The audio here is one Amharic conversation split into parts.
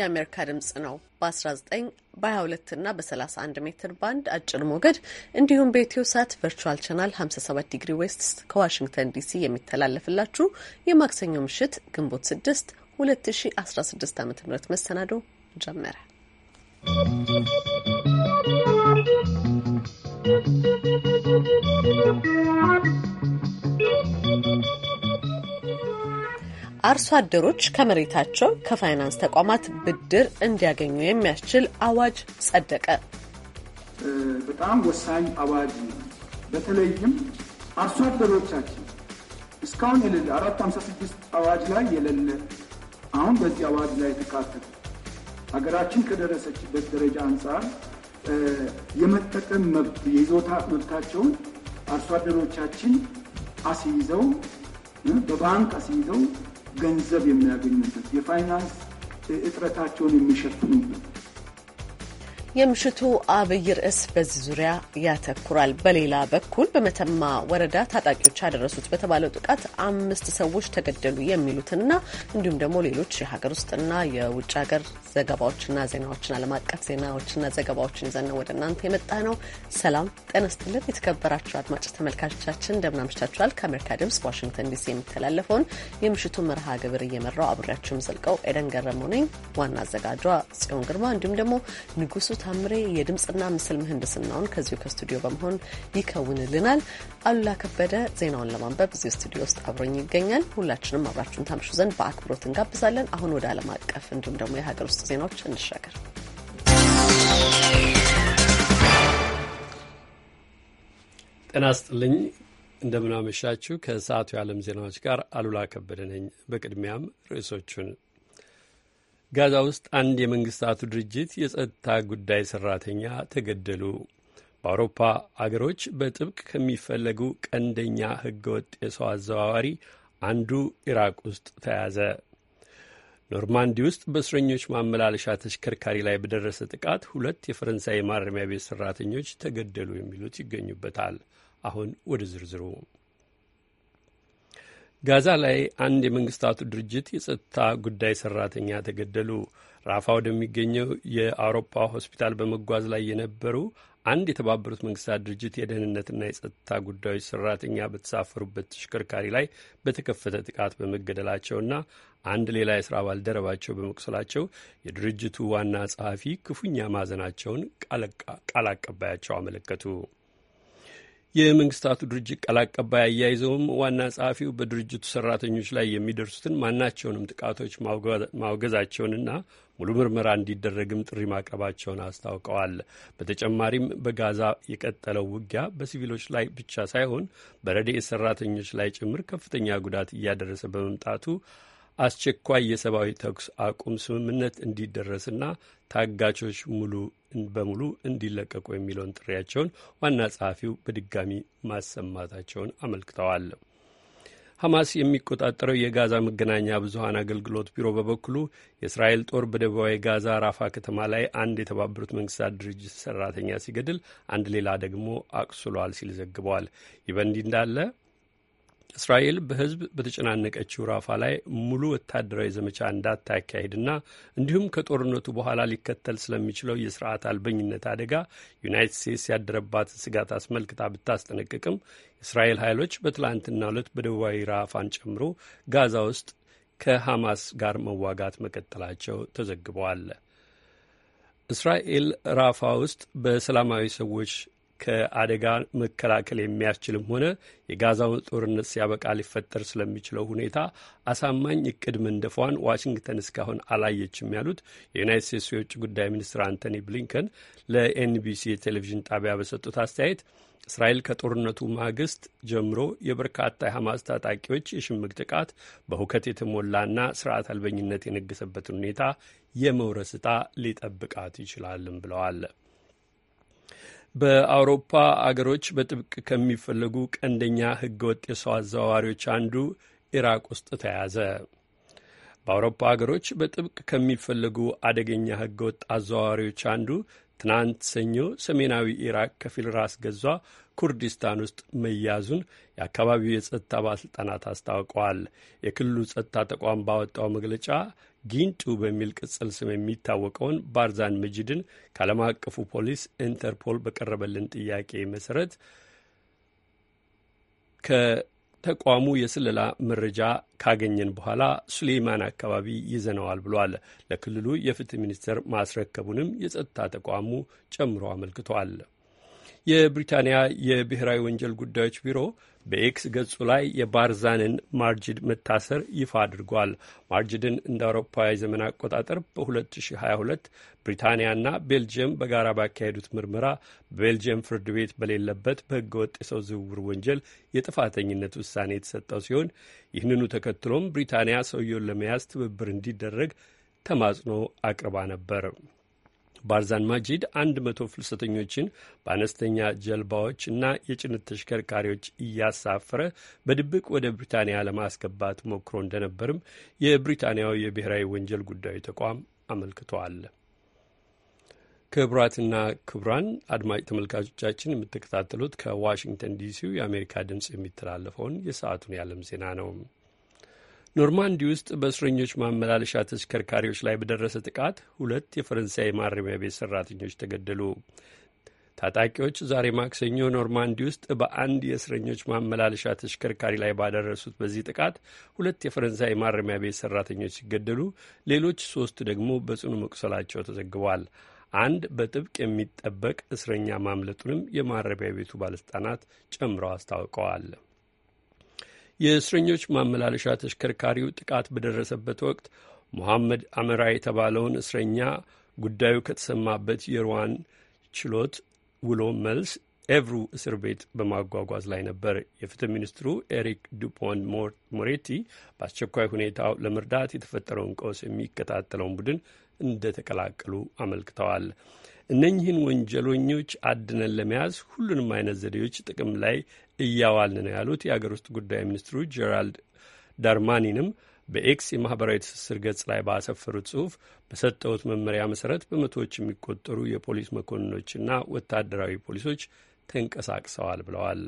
የአሜሪካ ድምጽ ነው። በ19 በ22 እና በ31 ሜትር ባንድ አጭር ሞገድ እንዲሁም በኢትዮ ሳት ቨርቹዋል ቻናል 57 ዲግሪ ዌስት ከዋሽንግተን ዲሲ የሚተላለፍላችሁ የማክሰኞ ምሽት ግንቦት 6 2016 ዓ ም መሰናዶ ጀመረ። ¶¶ አርሶ አደሮች ከመሬታቸው ከፋይናንስ ተቋማት ብድር እንዲያገኙ የሚያስችል አዋጅ ጸደቀ። በጣም ወሳኝ አዋጅ ነው። በተለይም አርሶ አደሮቻችን እስካሁን የሌለ አራት ሃምሳ ስድስት አዋጅ ላይ የሌለ አሁን በዚህ አዋጅ ላይ የተካተተ ሀገራችን ከደረሰችበት ደረጃ አንጻር የመጠቀም መብት የይዞታ መብታቸውን አርሶ አደሮቻችን አስይዘው በባንክ አስይዘው ገንዘብ የሚያገኙበት የፋይናንስ እጥረታቸውን የሚሸፍኑበት የምሽቱ አብይ ርዕስ በዚህ ዙሪያ ያተኩራል። በሌላ በኩል በመተማ ወረዳ ታጣቂዎች ያደረሱት በተባለው ጥቃት አምስት ሰዎች ተገደሉ የሚሉትንና እንዲሁም ደግሞ ሌሎች የሀገር ውስጥና የውጭ ሀገር ዘገባዎችና ዜናዎችን ዓለም አቀፍ ዜናዎችና ዘገባዎችን ይዘን ወደ እናንተ የመጣ ነው። ሰላም ጤና ይስጥልን። የተከበራችሁ አድማጭ ተመልካቾቻችን እንደምን አምሽታችኋል? ከአሜሪካ ድምጽ ዋሽንግተን ዲሲ የሚተላለፈውን የምሽቱ መርሃ ግብር እየመራው አብሬያችሁም ዘልቀው ኤደን ገረመው ዋና አዘጋጇ ጽዮን ግርማ እንዲሁም ደግሞ ንጉሱ ታምሬ የድምፅና ምስል ምህንድስናውን ከዚሁ ከስቱዲዮ በመሆን ይከውንልናል። አሉላ ከበደ ዜናውን ለማንበብ እዚሁ ስቱዲዮ ውስጥ አብሮኝ ይገኛል። ሁላችንም አብራችሁን ታምሹ ዘንድ በአክብሮት እንጋብዛለን። አሁን ወደ ዓለም አቀፍ እንዲሁም ደግሞ የሀገር ውስጥ ዜናዎች እንሻገር። ጤና ይስጥልኝ። እንደምናመሻችሁ ከሰዓቱ የዓለም ዜናዎች ጋር አሉላ ከበደ ነኝ። በቅድሚያም ርዕሶቹን ጋዛ ውስጥ አንድ የመንግስታቱ ድርጅት የጸጥታ ጉዳይ ሰራተኛ ተገደሉ። በአውሮፓ አገሮች በጥብቅ ከሚፈለጉ ቀንደኛ ህገወጥ የሰው አዘዋዋሪ አንዱ ኢራቅ ውስጥ ተያዘ። ኖርማንዲ ውስጥ በእስረኞች ማመላለሻ ተሽከርካሪ ላይ በደረሰ ጥቃት ሁለት የፈረንሳይ ማረሚያ ቤት ሰራተኞች ተገደሉ የሚሉት ይገኙበታል። አሁን ወደ ዝርዝሩ ጋዛ ላይ አንድ የመንግስታቱ ድርጅት የጸጥታ ጉዳይ ሰራተኛ ተገደሉ። ራፋ ወደሚገኘው የአውሮፓ ሆስፒታል በመጓዝ ላይ የነበሩ አንድ የተባበሩት መንግስታት ድርጅት የደህንነትና የጸጥታ ጉዳዮች ሰራተኛ በተሳፈሩበት ተሽከርካሪ ላይ በተከፈተ ጥቃት በመገደላቸውና አንድ ሌላ የስራ ባልደረባቸው በመቁሰላቸው የድርጅቱ ዋና ጸሐፊ ክፉኛ ማዘናቸውን ቃል አቀባያቸው አመለከቱ። የመንግስታቱ ድርጅት ቃል አቀባይ አያይዘውም ዋና ጸሐፊው በድርጅቱ ሰራተኞች ላይ የሚደርሱትን ማናቸውንም ጥቃቶች ማውገዛቸውንና ሙሉ ምርመራ እንዲደረግም ጥሪ ማቅረባቸውን አስታውቀዋል። በተጨማሪም በጋዛ የቀጠለው ውጊያ በሲቪሎች ላይ ብቻ ሳይሆን በረድኤት ሰራተኞች ላይ ጭምር ከፍተኛ ጉዳት እያደረሰ በመምጣቱ አስቸኳይ የሰብአዊ ተኩስ አቁም ስምምነት እንዲደረስና ታጋቾች ሙሉ በሙሉ እንዲለቀቁ የሚለውን ጥሪያቸውን ዋና ጸሐፊው በድጋሚ ማሰማታቸውን አመልክተዋል። ሐማስ የሚቆጣጠረው የጋዛ መገናኛ ብዙሀን አገልግሎት ቢሮ በበኩሉ የእስራኤል ጦር በደቡባዊ ጋዛ ራፋ ከተማ ላይ አንድ የተባበሩት መንግስታት ድርጅት ሰራተኛ ሲገድል አንድ ሌላ ደግሞ አቁስሏል ሲል ዘግበዋል። ይህ በእንዲህ እንዳለ እስራኤል በህዝብ በተጨናነቀችው ራፋ ላይ ሙሉ ወታደራዊ ዘመቻ እንዳታካሄድና እንዲሁም ከጦርነቱ በኋላ ሊከተል ስለሚችለው የስርዓት አልበኝነት አደጋ ዩናይትድ ስቴትስ ያደረባትን ስጋት አስመልክታ ብታስጠነቅቅም የእስራኤል ኃይሎች በትላንትና ዕለት በደቡባዊ ራፋን ጨምሮ ጋዛ ውስጥ ከሐማስ ጋር መዋጋት መቀጠላቸው ተዘግበዋል። እስራኤል ራፋ ውስጥ በሰላማዊ ሰዎች ከአደጋ መከላከል የሚያስችልም ሆነ የጋዛው ጦርነት ሲያበቃ ሊፈጠር ስለሚችለው ሁኔታ አሳማኝ እቅድ መንደፏን ዋሽንግተን እስካሁን አላየችም ያሉት የዩናይት ስቴትስ የውጭ ጉዳይ ሚኒስትር አንቶኒ ብሊንከን ለኤንቢሲ የቴሌቪዥን ጣቢያ በሰጡት አስተያየት እስራኤል ከጦርነቱ ማግስት ጀምሮ የበርካታ የሐማስ ታጣቂዎች የሽምቅ ጥቃት በሁከት የተሞላና ስርዓት አልበኝነት የነገሰበትን ሁኔታ የመውረስ ዕጣ ሊጠብቃት ይችላልም ብለዋል። በአውሮፓ አገሮች በጥብቅ ከሚፈለጉ ቀንደኛ ህገወጥ የሰው አዘዋዋሪዎች አንዱ ኢራቅ ውስጥ ተያዘ። በአውሮፓ አገሮች በጥብቅ ከሚፈለጉ አደገኛ ህገወጥ አዘዋዋሪዎች አንዱ ትናንት ሰኞ ሰሜናዊ ኢራቅ ከፊል ራስ ገዟ ኩርዲስታን ውስጥ መያዙን የአካባቢው የጸጥታ ባለሥልጣናት አስታውቀዋል። የክልሉ ጸጥታ ተቋም ባወጣው መግለጫ ጊንጡ በሚል ቅጽል ስም የሚታወቀውን ባርዛን መጅድን ከዓለም አቀፉ ፖሊስ ኢንተርፖል በቀረበልን ጥያቄ መሰረት ከተቋሙ የስለላ መረጃ ካገኘን በኋላ ሱሌይማን አካባቢ ይዘነዋል ብሏል። ለክልሉ የፍትህ ሚኒስቴር ማስረከቡንም የጸጥታ ተቋሙ ጨምሮ አመልክቷል። የብሪታንያ የብሔራዊ ወንጀል ጉዳዮች ቢሮ በኤክስ ገጹ ላይ የባርዛንን ማርጅድ መታሰር ይፋ አድርጓል። ማርጅድን እንደ አውሮፓዊ ዘመን አቆጣጠር በ2022 ብሪታንያና ቤልጅየም በጋራ ባካሄዱት ምርመራ በቤልጅየም ፍርድ ቤት በሌለበት ወጥ የሰው ዝውውር ወንጀል የጥፋተኝነት ውሳኔ የተሰጠው ሲሆን ይህንኑ ተከትሎም ብሪታንያ ሰውየውን ለመያዝ ትብብር እንዲደረግ ተማጽኖ አቅርባ ነበር። ባርዛን ማጂድ አንድ መቶ ፍልሰተኞችን በአነስተኛ ጀልባዎች እና የጭነት ተሽከርካሪዎች እያሳፈረ በድብቅ ወደ ብሪታንያ ለማስገባት ሞክሮ እንደነበርም የብሪታንያው የብሔራዊ ወንጀል ጉዳዩ ተቋም አመልክቷል። ክቡራትና ክቡራን አድማጭ ተመልካቾቻችን የምትከታተሉት ከዋሽንግተን ዲሲው የአሜሪካ ድምፅ የሚተላለፈውን የሰዓቱን የዓለም ዜና ነው። ኖርማንዲ ውስጥ በእስረኞች ማመላለሻ ተሽከርካሪዎች ላይ በደረሰ ጥቃት ሁለት የፈረንሳይ ማረሚያ ቤት ሰራተኞች ተገደሉ። ታጣቂዎች ዛሬ ማክሰኞ ኖርማንዲ ውስጥ በአንድ የእስረኞች ማመላለሻ ተሽከርካሪ ላይ ባደረሱት በዚህ ጥቃት ሁለት የፈረንሳይ ማረሚያ ቤት ሰራተኞች ሲገደሉ ሌሎች ሶስት ደግሞ በጽኑ መቁሰላቸው ተዘግቧል። አንድ በጥብቅ የሚጠበቅ እስረኛ ማምለጡንም የማረሚያ ቤቱ ባለስልጣናት ጨምረው አስታውቀዋል። የእስረኞች ማመላለሻ ተሽከርካሪው ጥቃት በደረሰበት ወቅት ሙሐመድ አመራ የተባለውን እስረኛ ጉዳዩ ከተሰማበት የሩዋን ችሎት ውሎ መልስ ኤቭሩ እስር ቤት በማጓጓዝ ላይ ነበር። የፍትህ ሚኒስትሩ ኤሪክ ዱፖን ሞሬቲ በአስቸኳይ ሁኔታው ለመርዳት የተፈጠረውን ቀውስ የሚከታተለውን ቡድን እንደተቀላቀሉ አመልክተዋል። እነኚህን ወንጀለኞች አድነን ለመያዝ ሁሉንም አይነት ዘዴዎች ጥቅም ላይ እያዋልን ነው ያሉት የአገር ውስጥ ጉዳይ ሚኒስትሩ ጀራልድ ዳርማኒንም በኤክስ የማህበራዊ ትስስር ገጽ ላይ ባሰፈሩት ጽሁፍ በሰጠውት መመሪያ መሰረት በመቶዎች የሚቆጠሩ የፖሊስ መኮንኖችና ወታደራዊ ፖሊሶች ተንቀሳቅሰዋል ብለዋል።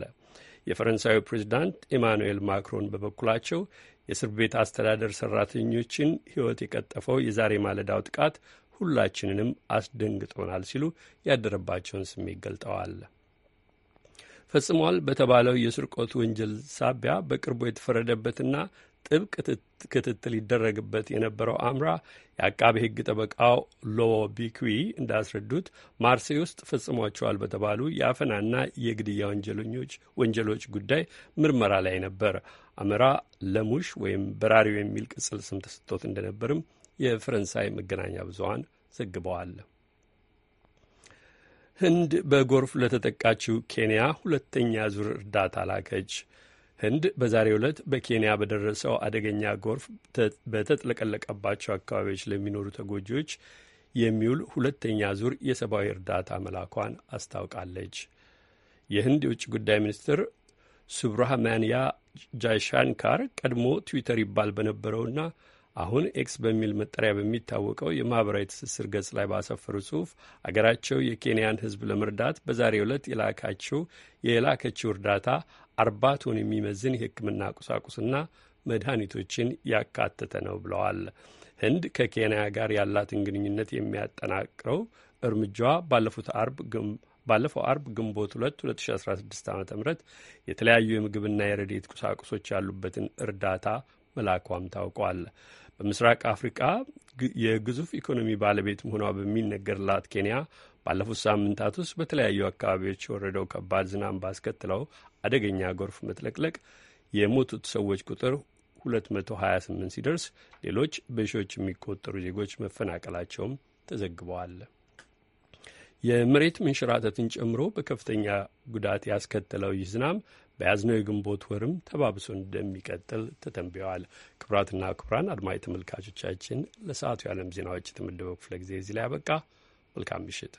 የፈረንሳዩ ፕሬዚዳንት ኢማኑኤል ማክሮን በበኩላቸው የእስር ቤት አስተዳደር ሰራተኞችን ሕይወት የቀጠፈው የዛሬ ማለዳው ጥቃት ሁላችንንም አስደንግጦናል ሲሉ ያደረባቸውን ስሜት ገልጠዋል። ፈጽሟል በተባለው የስርቆት ወንጀል ሳቢያ በቅርቡ የተፈረደበትና ጥብቅ ክትትል ይደረግበት የነበረው አምራ የአቃቤ ሕግ ጠበቃው ሎቦ ቢኩዊ እንዳስረዱት ማርሴይ ውስጥ ፈጽሟቸዋል በተባሉ የአፈናና የግድያ ወንጀለኞች ወንጀሎች ጉዳይ ምርመራ ላይ ነበር። አምራ ለሙሽ ወይም በራሪው የሚል ቅጽል ስም ተሰጥቶት እንደነበርም የፈረንሳይ መገናኛ ብዙሀን ዘግበዋል። ህንድ በጎርፍ ለተጠቃችው ኬንያ ሁለተኛ ዙር እርዳታ ላከች። ህንድ በዛሬው ዕለት በኬንያ በደረሰው አደገኛ ጎርፍ በተጥለቀለቀባቸው አካባቢዎች ለሚኖሩ ተጎጂዎች የሚውል ሁለተኛ ዙር የሰብአዊ እርዳታ መላኳን አስታውቃለች። የህንድ የውጭ ጉዳይ ሚኒስትር ሱብራህማንያ ጃይሻንካር ቀድሞ ትዊተር ይባል በነበረውና አሁን ኤክስ በሚል መጠሪያ በሚታወቀው የማኅበራዊ ትስስር ገጽ ላይ ባሰፈሩ ጽሑፍ አገራቸው የኬንያን ሕዝብ ለመርዳት በዛሬው ዕለት የላካችው የላከችው እርዳታ አርባ ቶን የሚመዝን የሕክምና ቁሳቁስና መድኃኒቶችን ያካተተ ነው ብለዋል። ህንድ ከኬንያ ጋር ያላትን ግንኙነት የሚያጠናቅረው እርምጃዋ ባለፉት አርብ ባለፈው አርብ ግንቦት 2 2016 ዓ ም የተለያዩ የምግብና የረዴት ቁሳቁሶች ያሉበትን እርዳታ መላኳም ታውቋል። በምስራቅ አፍሪቃ የግዙፍ ኢኮኖሚ ባለቤት መሆኗ በሚነገርላት ኬንያ ባለፉት ሳምንታት ውስጥ በተለያዩ አካባቢዎች የወረደው ከባድ ዝናብ ባስከትለው አደገኛ ጎርፍ መጥለቅለቅ የሞቱት ሰዎች ቁጥር 228 ሲደርስ ሌሎች በሺዎች የሚቆጠሩ ዜጎች መፈናቀላቸውም ተዘግበዋል። የመሬት መንሸራተትን ጨምሮ በከፍተኛ ጉዳት ያስከተለው ይህ ዝናብ በያዝነው የግንቦት ወርም ተባብሶ እንደሚቀጥል ተተንብየዋል። ክቡራትና ክቡራን አድማጭ ተመልካቾቻችን ለሰዓቱ የዓለም ዜናዎች የተመደበው ክፍለ ጊዜ እዚህ ላይ ያበቃ። መልካም ምሽት።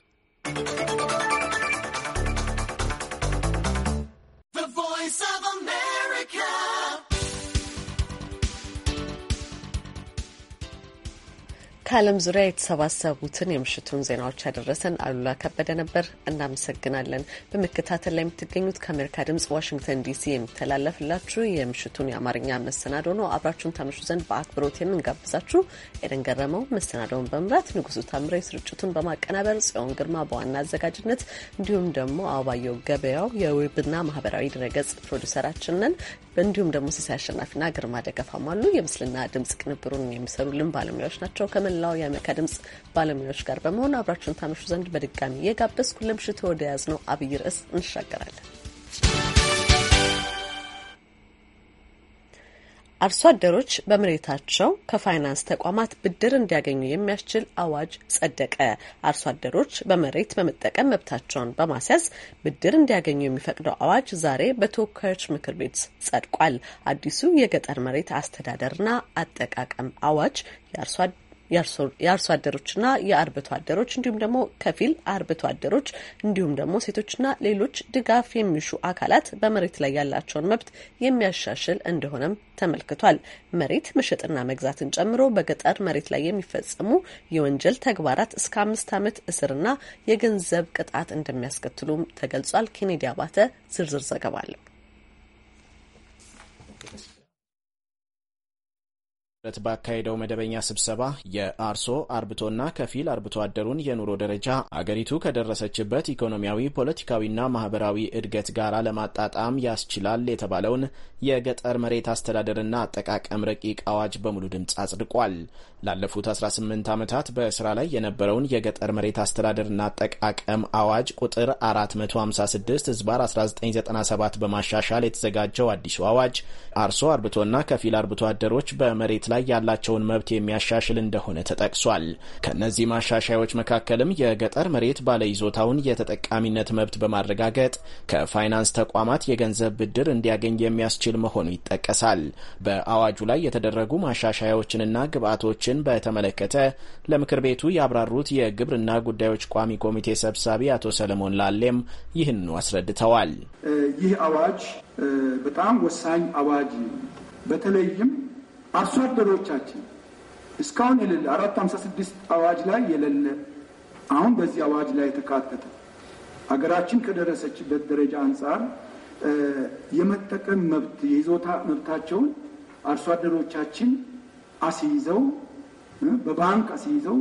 ከዓለም ዙሪያ የተሰባሰቡትን የምሽቱን ዜናዎች ያደረሰን አሉላ ከበደ ነበር። እናመሰግናለን። በመከታተል ላይ የምትገኙት ከአሜሪካ ድምጽ ዋሽንግተን ዲሲ የሚተላለፍላችሁ የምሽቱን የአማርኛ መሰናዶ ነው። አብራችሁን ታመሹ ዘንድ በአክብሮት የምንጋብዛችሁ ኤደን ገረመው መሰናዶውን በመምራት ንጉሱ ታምሬ ስርጭቱን በማቀናበር ጽዮን ግርማ በዋና አዘጋጅነት እንዲሁም ደግሞ አበባየው ገበያው የዌብና ማህበራዊ ድረገጽ ፕሮዲሰራችንን። ነን። እንዲሁም ደግሞ ሲሳይ አሸናፊና ግርማ ደገፋም አሉ። የምስልና ድምጽ ቅንብሩን የሚሰሩልን ባለሙያዎች ናቸው። ከመላው የአሜሪካ ድምጽ ባለሙያዎች ጋር በመሆን አብራችሁን ታመሹ ዘንድ በድጋሚ የጋበዝኩ ለምሽቱ ወደ ያዝ ነው አብይ ርዕስ እንሻገራለን። አርሶ አደሮች በመሬታቸው ከፋይናንስ ተቋማት ብድር እንዲያገኙ የሚያስችል አዋጅ ጸደቀ። አርሶ አደሮች በመሬት በመጠቀም መብታቸውን በማስያዝ ብድር እንዲያገኙ የሚፈቅደው አዋጅ ዛሬ በተወካዮች ምክር ቤት ጸድቋል። አዲሱ የገጠር መሬት አስተዳደርና አጠቃቀም አዋጅ የአርሶ የአርሶ አደሮችና የአርብቶ አደሮች እንዲሁም ደግሞ ከፊል አርብቶ አደሮች እንዲሁም ደግሞ ሴቶችና ሌሎች ድጋፍ የሚሹ አካላት በመሬት ላይ ያላቸውን መብት የሚያሻሽል እንደሆነም ተመልክቷል። መሬት መሸጥና መግዛትን ጨምሮ በገጠር መሬት ላይ የሚፈጸሙ የወንጀል ተግባራት እስከ አምስት ዓመት እስርና የገንዘብ ቅጣት እንደሚያስከትሉም ተገልጿል። ኬኔዲ አባተ ዝርዝር ዘገባ አለው። ት ባካሄደው መደበኛ ስብሰባ የአርሶ አርብቶና ከፊል አርብቶ አደሩን የኑሮ ደረጃ አገሪቱ ከደረሰችበት ኢኮኖሚያዊ፣ ፖለቲካዊና ማህበራዊ እድገት ጋር ለማጣጣም ያስችላል የተባለውን የገጠር መሬት አስተዳደርና አጠቃቀም ረቂቅ አዋጅ በሙሉ ድምፅ አጽድቋል። ላለፉት 18 ዓመታት በስራ ላይ የነበረውን የገጠር መሬት አስተዳደርና አጠቃቀም አዋጅ ቁጥር 456 ህዝባር 1997 በማሻሻል የተዘጋጀው አዲሱ አዋጅ አርሶ አርብቶና ከፊል አርብቶ አደሮች በመሬት ላይ ያላቸውን መብት የሚያሻሽል እንደሆነ ተጠቅሷል። ከእነዚህ ማሻሻያዎች መካከልም የገጠር መሬት ባለይዞታውን የተጠቃሚነት መብት በማረጋገጥ ከፋይናንስ ተቋማት የገንዘብ ብድር እንዲያገኝ የሚያስችል መሆኑ ይጠቀሳል። በአዋጁ ላይ የተደረጉ ማሻሻያዎችንና ግብዓቶችን በተመለከተ ለምክር ቤቱ ያብራሩት የግብርና ጉዳዮች ቋሚ ኮሚቴ ሰብሳቢ አቶ ሰለሞን ላሌም ይህንኑ አስረድተዋል። ይህ አዋጅ በጣም ወሳኝ አዋጅ በተለይም አርሶ አደሮቻችን እስካሁን የሌለ አራት ሀምሳ ስድስት አዋጅ ላይ የሌለ አሁን በዚህ አዋጅ ላይ የተካተተ ሀገራችን ከደረሰችበት ደረጃ አንጻር የመጠቀም መብት የይዞታ መብታቸውን አርሶ አደሮቻችን አስይዘው በባንክ አስይዘው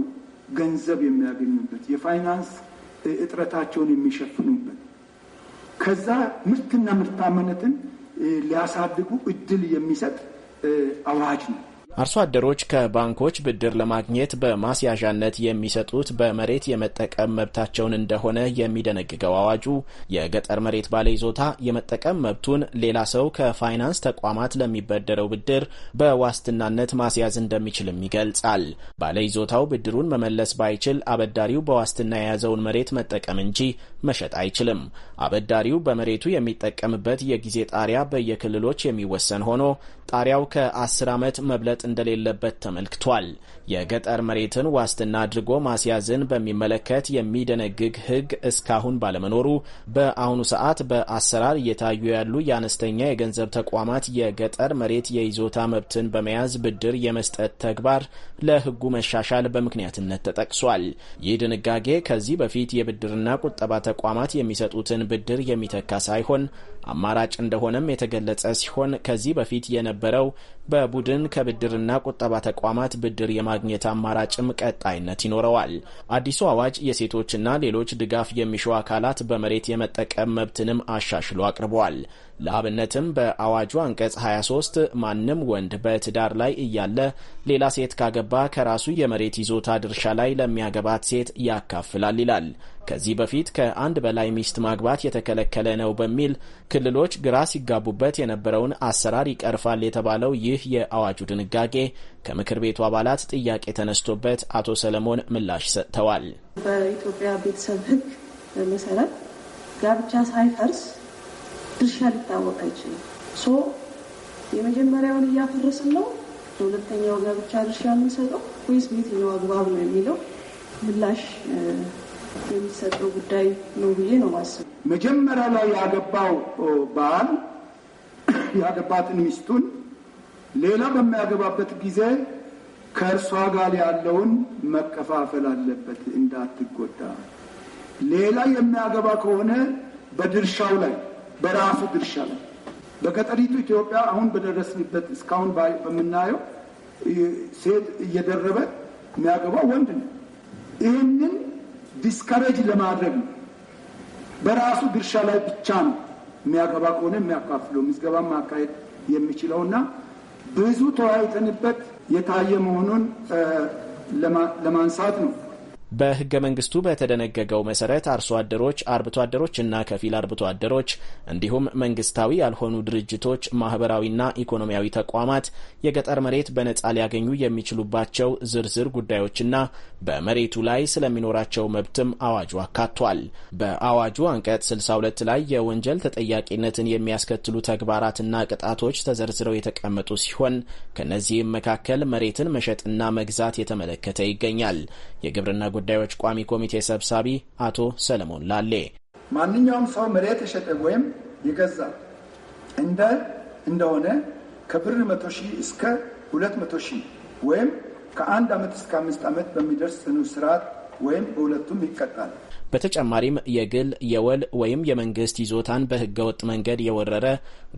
ገንዘብ የሚያገኙበት የፋይናንስ እጥረታቸውን የሚሸፍኑበት ከዛ ምርትና ምርታማነትን ሊያሳድጉ እድል የሚሰጥ eh, Aladdin. አርሶ አደሮች ከባንኮች ብድር ለማግኘት በማስያዣነት የሚሰጡት በመሬት የመጠቀም መብታቸውን እንደሆነ የሚደነግገው አዋጁ የገጠር መሬት ባለይዞታ የመጠቀም መብቱን ሌላ ሰው ከፋይናንስ ተቋማት ለሚበደረው ብድር በዋስትናነት ማስያዝ እንደሚችልም ይገልጻል። ባለይዞታው ብድሩን መመለስ ባይችል አበዳሪው በዋስትና የያዘውን መሬት መጠቀም እንጂ መሸጥ አይችልም። አበዳሪው በመሬቱ የሚጠቀምበት የጊዜ ጣሪያ በየክልሎች የሚወሰን ሆኖ ጣሪያው ከአስር ዓመት መብለጥ እንደሌለበት ተመልክቷል። የገጠር መሬትን ዋስትና አድርጎ ማስያዝን በሚመለከት የሚደነግግ ሕግ እስካሁን ባለመኖሩ በአሁኑ ሰዓት በአሰራር እየታዩ ያሉ የአነስተኛ የገንዘብ ተቋማት የገጠር መሬት የይዞታ መብትን በመያዝ ብድር የመስጠት ተግባር ለሕጉ መሻሻል በምክንያትነት ተጠቅሷል። ይህ ድንጋጌ ከዚህ በፊት የብድርና ቁጠባ ተቋማት የሚሰጡትን ብድር የሚተካ ሳይሆን አማራጭ እንደሆነም የተገለጸ ሲሆን ከዚህ በፊት የነበረው በቡድን ከብድርና ቁጠባ ተቋማት ብድር የማግኘት አማራጭም ቀጣይነት ይኖረዋል። አዲሱ አዋጅ የሴቶችና ሌሎች ድጋፍ የሚሹ አካላት በመሬት የመጠቀም መብትንም አሻሽሎ አቅርበዋል። ለአብነትም በአዋጁ አንቀጽ 23 ማንም ወንድ በትዳር ላይ እያለ ሌላ ሴት ካገባ ከራሱ የመሬት ይዞታ ድርሻ ላይ ለሚያገባት ሴት ያካፍላል ይላል። ከዚህ በፊት ከአንድ በላይ ሚስት ማግባት የተከለከለ ነው በሚል ክልሎች ግራ ሲጋቡበት የነበረውን አሰራር ይቀርፋል የተባለው ይህ የአዋጁ ድንጋጌ ከምክር ቤቱ አባላት ጥያቄ ተነስቶበት አቶ ሰለሞን ምላሽ ሰጥተዋል። በኢትዮጵያ ቤተሰብ ሕግ መሰረት ጋብቻ ሳይፈርስ ድርሻ ሊታወቅ አይችልም። ሶ የመጀመሪያውን እያፈረስን ነው፣ ለሁለተኛው ጋር ብቻ ድርሻ የምንሰጠው ወይስ በየትኛው አግባብ ነው የሚለው ምላሽ የሚሰጠው ጉዳይ ነው ብዬ ነው ማስብ። መጀመሪያ ላይ ያገባው ባል ያገባትን ሚስቱን ሌላ በሚያገባበት ጊዜ ከእርሷ ጋር ያለውን መከፋፈል አለበት፣ እንዳትጎዳ። ሌላ የሚያገባ ከሆነ በድርሻው ላይ በራሱ ድርሻ ላይ በገጠሪቱ ኢትዮጵያ አሁን በደረስንበት እስካሁን በምናየው ሴት እየደረበ የሚያገባው ወንድ ነው። ይህንን ዲስካሬጅ ለማድረግ ነው። በራሱ ድርሻ ላይ ብቻ ነው የሚያገባ ከሆነ የሚያካፍለው ምዝገባ ማካሄድ የሚችለው እና ብዙ ተወያይተንበት የታየ መሆኑን ለማንሳት ነው። በህገ መንግስቱ በተደነገገው መሰረት አርሶ አደሮች፣ አርብቶ አደሮች እና ከፊል አርብቶ አደሮች እንዲሁም መንግስታዊ ያልሆኑ ድርጅቶች፣ ማህበራዊና ኢኮኖሚያዊ ተቋማት የገጠር መሬት በነጻ ሊያገኙ የሚችሉባቸው ዝርዝር ጉዳዮችና በመሬቱ ላይ ስለሚኖራቸው መብትም አዋጁ አካቷል። በአዋጁ አንቀጽ 62 ላይ የወንጀል ተጠያቂነትን የሚያስከትሉ ተግባራትና ቅጣቶች ተዘርዝረው የተቀመጡ ሲሆን ከነዚህም መካከል መሬትን መሸጥና መግዛት የተመለከተ ይገኛል። የግብርና ጉዳዮች ቋሚ ኮሚቴ ሰብሳቢ አቶ ሰለሞን ላሌ ማንኛውም ሰው መሬት የሸጠ ወይም የገዛ እንደ እንደሆነ ከብር መቶ ሺህ እስከ ሁለት መቶ ሺህ ወይም ከአንድ ዓመት እስከ አምስት ዓመት በሚደርስ ጽኑ ስርዓት ወይም በሁለቱም ይቀጣል። በተጨማሪም የግል የወል ወይም የመንግስት ይዞታን በህገወጥ መንገድ የወረረ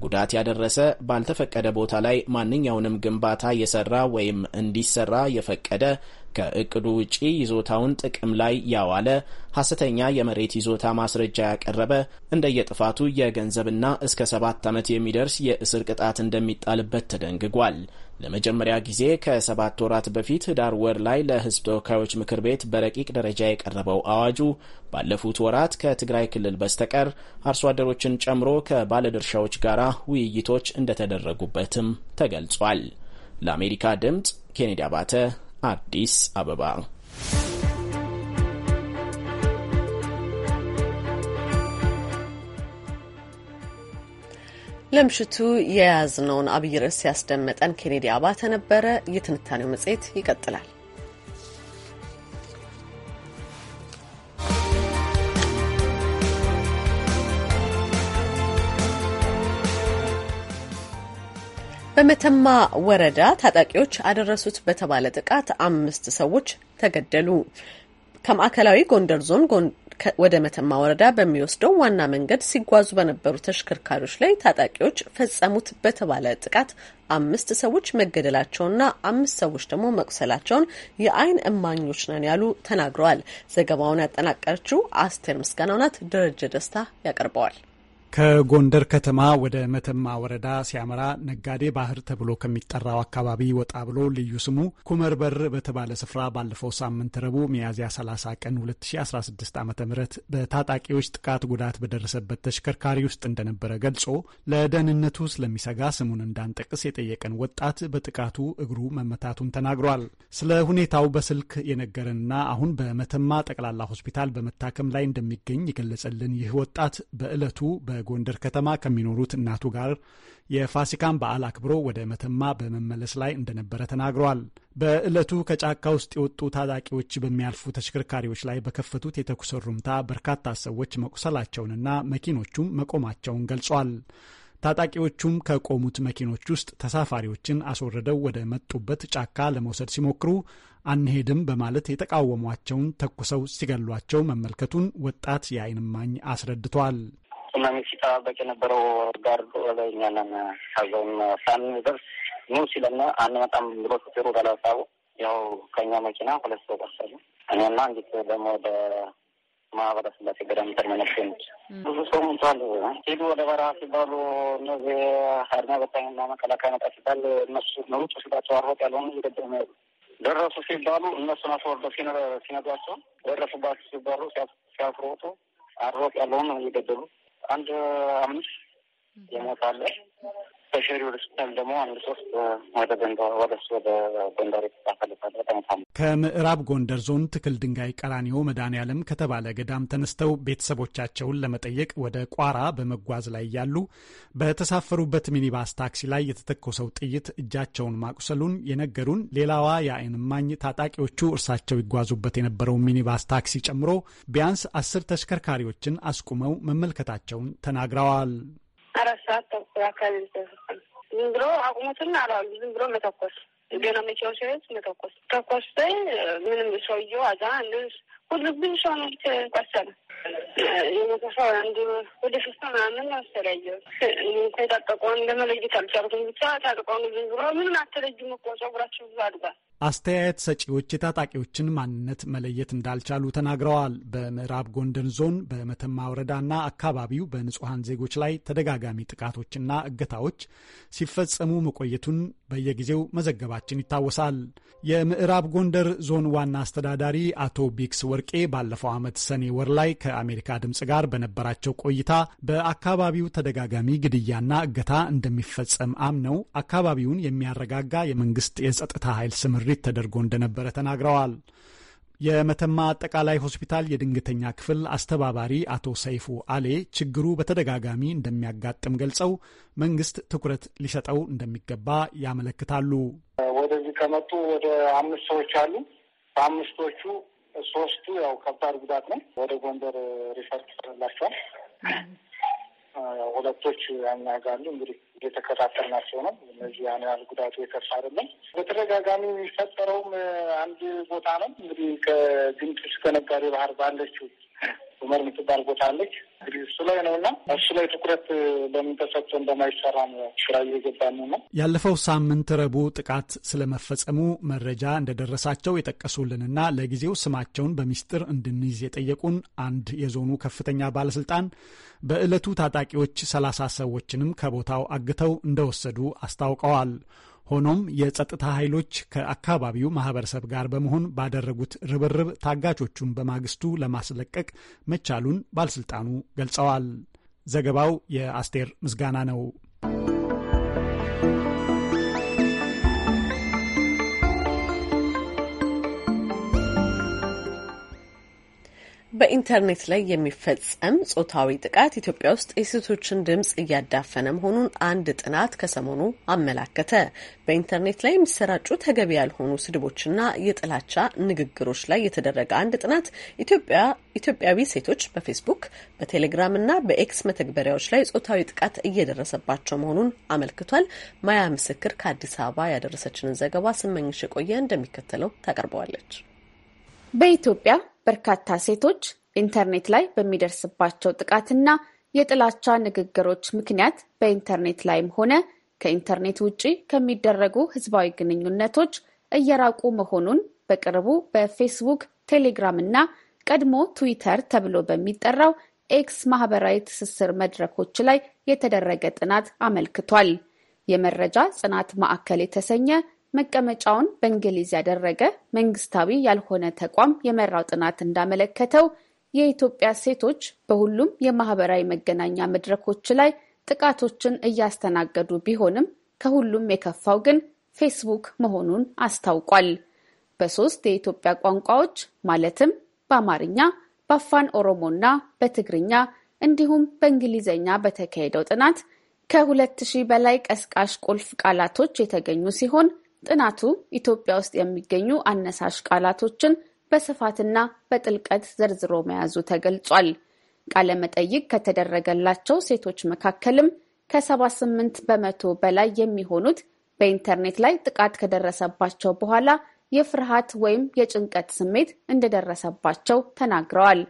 ጉዳት ያደረሰ፣ ባልተፈቀደ ቦታ ላይ ማንኛውንም ግንባታ የሰራ ወይም እንዲሰራ የፈቀደ ከእቅዱ ውጪ ይዞታውን ጥቅም ላይ ያዋለ፣ ሐሰተኛ የመሬት ይዞታ ማስረጃ ያቀረበ፣ እንደየጥፋቱ የገንዘብና እስከ ሰባት ዓመት የሚደርስ የእስር ቅጣት እንደሚጣልበት ተደንግጓል። ለመጀመሪያ ጊዜ ከሰባት ወራት በፊት ህዳር ወር ላይ ለህዝብ ተወካዮች ምክር ቤት በረቂቅ ደረጃ የቀረበው አዋጁ ባለፉት ወራት ከትግራይ ክልል በስተቀር አርሶ አደሮችን ጨምሮ ከባለድርሻዎች ጋር ውይይቶች እንደተደረጉበትም ተገልጿል። ለአሜሪካ ድምፅ ኬኔዲ አባተ አዲስ አበባ። ለምሽቱ የያዝነውን አብይ ርዕስ ያስደመጠን ኬኔዲ አባተ ነበረ። የትንታኔው መጽሔት ይቀጥላል። በመተማ ወረዳ ታጣቂዎች አደረሱት በተባለ ጥቃት አምስት ሰዎች ተገደሉ። ከማዕከላዊ ጎንደር ዞን ወደ መተማ ወረዳ በሚወስደው ዋና መንገድ ሲጓዙ በነበሩ ተሽከርካሪዎች ላይ ታጣቂዎች ፈጸሙት በተባለ ጥቃት አምስት ሰዎች መገደላቸውና አምስት ሰዎች ደግሞ መቁሰላቸውን የዓይን እማኞች ነን ያሉ ተናግረዋል። ዘገባውን ያጠናቀረችው አስቴር ምስጋናው ናት። ደረጀ ደስታ ያቀርበዋል። ከጎንደር ከተማ ወደ መተማ ወረዳ ሲያመራ ነጋዴ ባህር ተብሎ ከሚጠራው አካባቢ ወጣ ብሎ ልዩ ስሙ ኩመር በር በተባለ ስፍራ ባለፈው ሳምንት ረቡዕ ሚያዝያ 30 ቀን 2016 ዓ ም በታጣቂዎች ጥቃት ጉዳት በደረሰበት ተሽከርካሪ ውስጥ እንደነበረ ገልጾ ለደህንነቱ ስለሚሰጋ ስሙን እንዳንጠቅስ የጠየቀን ወጣት በጥቃቱ እግሩ መመታቱን ተናግሯል። ስለ ሁኔታው በስልክ የነገረንና አሁን በመተማ ጠቅላላ ሆስፒታል በመታከም ላይ እንደሚገኝ የገለጸልን ይህ ወጣት በዕለቱ በ በጎንደር ከተማ ከሚኖሩት እናቱ ጋር የፋሲካን በዓል አክብሮ ወደ መተማ በመመለስ ላይ እንደነበረ ተናግረዋል። በዕለቱ ከጫካ ውስጥ የወጡ ታጣቂዎች በሚያልፉ ተሽከርካሪዎች ላይ በከፈቱት የተኩስ ሩምታ በርካታ ሰዎች መቁሰላቸውንና መኪኖቹም መቆማቸውን ገልጿል። ታጣቂዎቹም ከቆሙት መኪኖች ውስጥ ተሳፋሪዎችን አስወርደው ወደ መጡበት ጫካ ለመውሰድ ሲሞክሩ አንሄድም በማለት የተቃወሟቸውን ተኩሰው ሲገሏቸው መመልከቱን ወጣት የአይንማኝ አስረድቷል። ቁመሚት ሲጠባበቅ የነበረው ጋር ላይ እኛንን አዘውን ሳንደርስ ኑ ሲለን አንመጣም ብሎ ሹፌሩ ባላሳቡ ያው ከእኛ መኪና ሁለት ሰው ቆሰሉ። እኔና እንዴት ደግሞ ወደ ማህበረሰብ ገዳም ተመለስ ብዙ ሰው ሞቷል። ሄዱ ወደ በረሃ ሲባሉ እነዚህ አድማ በታኝና መከላከያ መጣ ሲባል እነሱ ነውጡ ሲባቸው አሮጥ ያለሆኑ ይገደመ ደረሱ ሲባሉ እነሱ ናቸው ወርዶ ሲነዷቸው ደረሱባቸው ሲባሉ ሲያፍሮጡ አሮጥ ያለሆኑ እየገደሉ አንድ አምስት የሞት አለ ከሸሪ ወደ ሆስፒታል ደግሞ አንድ ሶስት ወደ ወደሱ ወደ ጎንደር ከምዕራብ ጎንደር ዞን ትክል ድንጋይ ቀራኒዮ ዓለም ከተባለ ገዳም ተነስተው ቤተሰቦቻቸውን ለመጠየቅ ወደ ቋራ በመጓዝ ላይ እያሉ በተሳፈሩበት ሚኒባስ ታክሲ ላይ የተተኮሰው ጥይት እጃቸውን ማቁሰሉን የነገሩን ሌላዋ የዓይን እማኝ ታጣቂዎቹ እርሳቸው ይጓዙበት የነበረው ሚኒባስ ታክሲ ጨምሮ ቢያንስ አስር ተሽከርካሪዎችን አስቁመው መመልከታቸውን ተናግረዋል። አራት ሰዓት በአካባቢ ተፈጸመ። ዝም ብሎ አቁሙትና ዝም ብሎ መተኮስ ገና መቼው መተኮስ ተኮስ ምንም ሰውየው አዛ ሁሉ ብዙ ሰው ነው የተቆሰለ የሞተሰው አንዱ ወደ ሶስት ምናምን አስተለየው ብቻ ብሎ ምንም አተለጅም እኮ ጸጉራቸው ብዙ አድጓል። አስተያየት ሰጪዎች የታጣቂዎችን ማንነት መለየት እንዳልቻሉ ተናግረዋል። በምዕራብ ጎንደር ዞን በመተማ ወረዳና አካባቢው በንጹሐን ዜጎች ላይ ተደጋጋሚ ጥቃቶችና እገታዎች ሲፈጸሙ መቆየቱን በየጊዜው መዘገባችን ይታወሳል። የምዕራብ ጎንደር ዞን ዋና አስተዳዳሪ አቶ ቢክስ ወርቄ ባለፈው ዓመት ሰኔ ወር ላይ ከአሜሪካ ድምፅ ጋር በነበራቸው ቆይታ በአካባቢው ተደጋጋሚ ግድያና እገታ እንደሚፈጸም አምነው አካባቢውን የሚያረጋጋ የመንግስት የጸጥታ ኃይል ስምሪት ተደርጎ እንደነበረ ተናግረዋል። የመተማ አጠቃላይ ሆስፒታል የድንገተኛ ክፍል አስተባባሪ አቶ ሰይፉ አሌ ችግሩ በተደጋጋሚ እንደሚያጋጥም ገልጸው መንግስት ትኩረት ሊሰጠው እንደሚገባ ያመለክታሉ። ወደዚህ ከመጡ ወደ አምስት ሰዎች አሉ። በአምስቶቹ ሶስቱ ያው ከባድ ጉዳት ነው። ወደ ጎንደር ሪፈር ተደረገላቸዋል። ሁለቶች ያናጋሉ እንግዲህ እየተከታተል ናቸው ነው። እነዚህ ያን ያህል ጉዳቱ የከፋ አይደለም። በተደጋጋሚ የሚፈጠረውም አንድ ቦታ ነው እንግዲህ ከግንጭ እስከ ነጋዴ ባህር ባለችው ኡመር የምትባል ቦታ አለች። እንግዲህ እሱ ላይ ነው እና እሱ ላይ ትኩረት በምንተሰጥቶ እንደማይሰራ ነው ስራ እየገባ ነው። ያለፈው ሳምንት ረቡዕ ጥቃት ስለመፈጸሙ መረጃ እንደደረሳቸው የጠቀሱልንና ለጊዜው ስማቸውን በሚስጥር እንድንይዝ የጠየቁን አንድ የዞኑ ከፍተኛ ባለስልጣን በዕለቱ ታጣቂዎች ሰላሳ ሰዎችንም ከቦታው አግተው እንደወሰዱ አስታውቀዋል። ሆኖም የጸጥታ ኃይሎች ከአካባቢው ማህበረሰብ ጋር በመሆን ባደረጉት ርብርብ ታጋቾቹን በማግስቱ ለማስለቀቅ መቻሉን ባለሥልጣኑ ገልጸዋል። ዘገባው የአስቴር ምስጋና ነው። በኢንተርኔት ላይ የሚፈጸም ጾታዊ ጥቃት ኢትዮጵያ ውስጥ የሴቶችን ድምጽ እያዳፈነ መሆኑን አንድ ጥናት ከሰሞኑ አመላከተ። በኢንተርኔት ላይ የሚሰራጩ ተገቢ ያልሆኑ ስድቦችና የጥላቻ ንግግሮች ላይ የተደረገ አንድ ጥናት ኢትዮጵያ ኢትዮጵያዊ ሴቶች በፌስቡክ በቴሌግራምና በኤክስ መተግበሪያዎች ላይ ጾታዊ ጥቃት እየደረሰባቸው መሆኑን አመልክቷል። ማያ ምስክር ከአዲስ አበባ ያደረሰችንን ዘገባ ስመኝሽ የቆየ እንደሚከተለው ታቀርበዋለች። በኢትዮጵያ በርካታ ሴቶች ኢንተርኔት ላይ በሚደርስባቸው ጥቃትና የጥላቻ ንግግሮች ምክንያት በኢንተርኔት ላይም ሆነ ከኢንተርኔት ውጪ ከሚደረጉ ህዝባዊ ግንኙነቶች እየራቁ መሆኑን በቅርቡ በፌስቡክ፣ ቴሌግራም እና ቀድሞ ትዊተር ተብሎ በሚጠራው ኤክስ ማህበራዊ ትስስር መድረኮች ላይ የተደረገ ጥናት አመልክቷል። የመረጃ ጽናት ማዕከል የተሰኘ መቀመጫውን በእንግሊዝ ያደረገ መንግስታዊ ያልሆነ ተቋም የመራው ጥናት እንዳመለከተው የኢትዮጵያ ሴቶች በሁሉም የማህበራዊ መገናኛ መድረኮች ላይ ጥቃቶችን እያስተናገዱ ቢሆንም ከሁሉም የከፋው ግን ፌስቡክ መሆኑን አስታውቋል። በሶስት የኢትዮጵያ ቋንቋዎች ማለትም በአማርኛ፣ በአፋን ኦሮሞና በትግርኛ እንዲሁም በእንግሊዝኛ በተካሄደው ጥናት ከ 2000 በላይ ቀስቃሽ ቁልፍ ቃላቶች የተገኙ ሲሆን ጥናቱ ኢትዮጵያ ውስጥ የሚገኙ አነሳሽ ቃላቶችን በስፋትና በጥልቀት ዘርዝሮ መያዙ ተገልጿል። ቃለመጠይቅ ከተደረገላቸው ሴቶች መካከልም ከ78 በመቶ በላይ የሚሆኑት በኢንተርኔት ላይ ጥቃት ከደረሰባቸው በኋላ የፍርሃት ወይም የጭንቀት ስሜት እንደደረሰባቸው ተናግረዋል።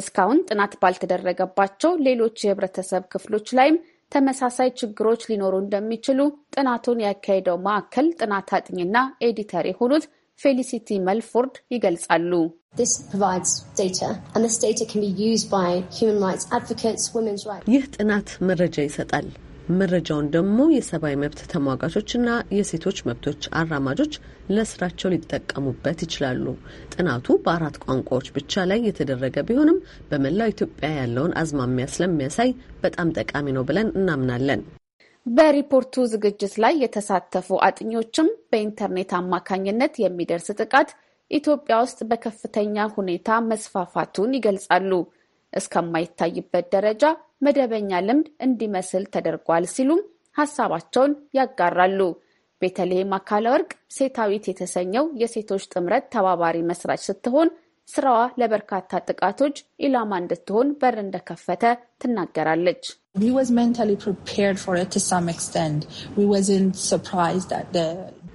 እስካሁን ጥናት ባልተደረገባቸው ሌሎች የህብረተሰብ ክፍሎች ላይም ተመሳሳይ ችግሮች ሊኖሩ እንደሚችሉ ጥናቱን ያካሄደው ማዕከል ጥናት አጥኚና ኤዲተር የሆኑት ፌሊሲቲ መልፎርድ ይገልጻሉ። ይህ ጥናት መረጃ ይሰጣል። መረጃውን ደግሞ የሰብአዊ መብት ተሟጋቾችና የሴቶች መብቶች አራማጆች ለስራቸው ሊጠቀሙበት ይችላሉ። ጥናቱ በአራት ቋንቋዎች ብቻ ላይ የተደረገ ቢሆንም በመላው ኢትዮጵያ ያለውን አዝማሚያ ስለሚያሳይ በጣም ጠቃሚ ነው ብለን እናምናለን። በሪፖርቱ ዝግጅት ላይ የተሳተፉ አጥኚዎችም በኢንተርኔት አማካኝነት የሚደርስ ጥቃት ኢትዮጵያ ውስጥ በከፍተኛ ሁኔታ መስፋፋቱን ይገልጻሉ። እስከማይታይበት ደረጃ መደበኛ ልምድ እንዲመስል ተደርጓል ሲሉም ሀሳባቸውን ያጋራሉ። ቤተልሔም አካለ ወርቅ ሴታዊት የተሰኘው የሴቶች ጥምረት ተባባሪ መስራች ስትሆን ስራዋ ለበርካታ ጥቃቶች ኢላማ እንድትሆን በር እንደከፈተ ትናገራለች።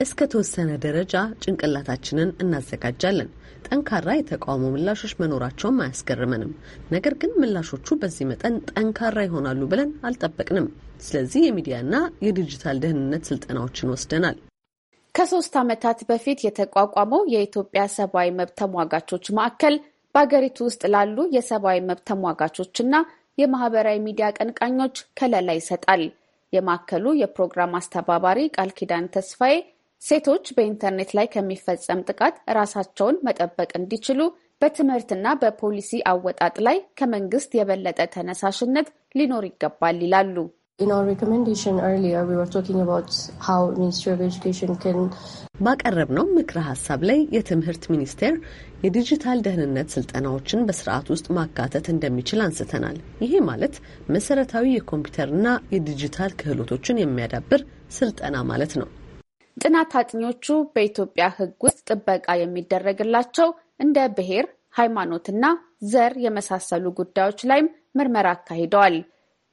እስከ ተወሰነ ደረጃ ጭንቅላታችንን እናዘጋጃለን። ጠንካራ የተቃውሞ ምላሾች መኖራቸውም አያስገርመንም። ነገር ግን ምላሾቹ በዚህ መጠን ጠንካራ ይሆናሉ ብለን አልጠበቅንም። ስለዚህ የሚዲያና የዲጂታል ደህንነት ስልጠናዎችን ወስደናል። ከሶስት ዓመታት በፊት የተቋቋመው የኢትዮጵያ ሰብአዊ መብት ተሟጋቾች ማዕከል በአገሪቱ ውስጥ ላሉ የሰብአዊ መብት ተሟጋቾችና የማህበራዊ ሚዲያ ቀንቃኞች ከለላ ይሰጣል። የማዕከሉ የፕሮግራም አስተባባሪ ቃል ኪዳን ተስፋዬ ሴቶች በኢንተርኔት ላይ ከሚፈጸም ጥቃት ራሳቸውን መጠበቅ እንዲችሉ በትምህርትና በፖሊሲ አወጣጥ ላይ ከመንግስት የበለጠ ተነሳሽነት ሊኖር ይገባል ይላሉ። ባቀረብነው ምክረ ሀሳብ ላይ የትምህርት ሚኒስቴር የዲጂታል ደህንነት ስልጠናዎችን በስርዓት ውስጥ ማካተት እንደሚችል አንስተናል። ይሄ ማለት መሰረታዊ የኮምፒውተርና የዲጂታል ክህሎቶችን የሚያዳብር ስልጠና ማለት ነው። ጥናት አጥኚዎቹ በኢትዮጵያ ሕግ ውስጥ ጥበቃ የሚደረግላቸው እንደ ብሔር፣ ሃይማኖትና ዘር የመሳሰሉ ጉዳዮች ላይም ምርመራ አካሂደዋል።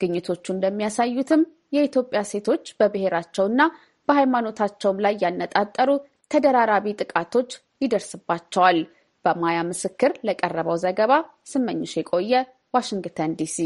ግኝቶቹ እንደሚያሳዩትም የኢትዮጵያ ሴቶች በብሔራቸውና በሃይማኖታቸውም ላይ ያነጣጠሩ ተደራራቢ ጥቃቶች ይደርስባቸዋል። በማያ ምስክር ለቀረበው ዘገባ ስመኝሽ የቆየ ዋሽንግተን ዲሲ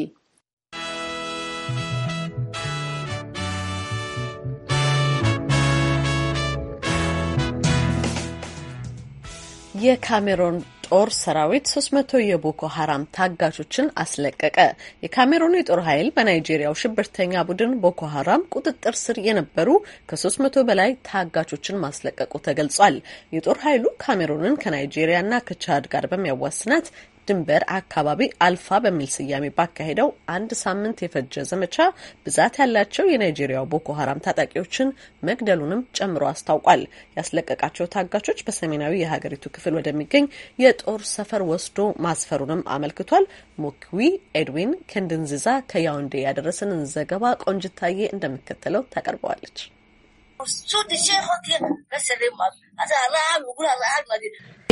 የካሜሮን ጦር ሰራዊት 300 የቦኮ ሀራም ታጋቾችን አስለቀቀ። የካሜሩኑ የጦር ኃይል በናይጄሪያው ሽብርተኛ ቡድን ቦኮ ሀራም ቁጥጥር ስር የነበሩ ከ300 በላይ ታጋቾችን ማስለቀቁ ተገልጿል። የጦር ኃይሉ ካሜሩንን ከናይጄሪያና ከቻድ ጋር በሚያዋስናት ድንበር አካባቢ አልፋ በሚል ስያሜ ባካሄደው አንድ ሳምንት የፈጀ ዘመቻ ብዛት ያላቸው የናይጄሪያው ቦኮ ሀራም ታጣቂዎችን መግደሉንም ጨምሮ አስታውቋል። ያስለቀቃቸው ታጋቾች በሰሜናዊ የሀገሪቱ ክፍል ወደሚገኝ የጦር ሰፈር ወስዶ ማስፈሩንም አመልክቷል። ሞክዊ ኤድዊን ከንድንዝዛ ከያውንዴ ያደረሰንን ዘገባ ቆንጅታዬ እንደሚከተለው ታቀርበዋለች።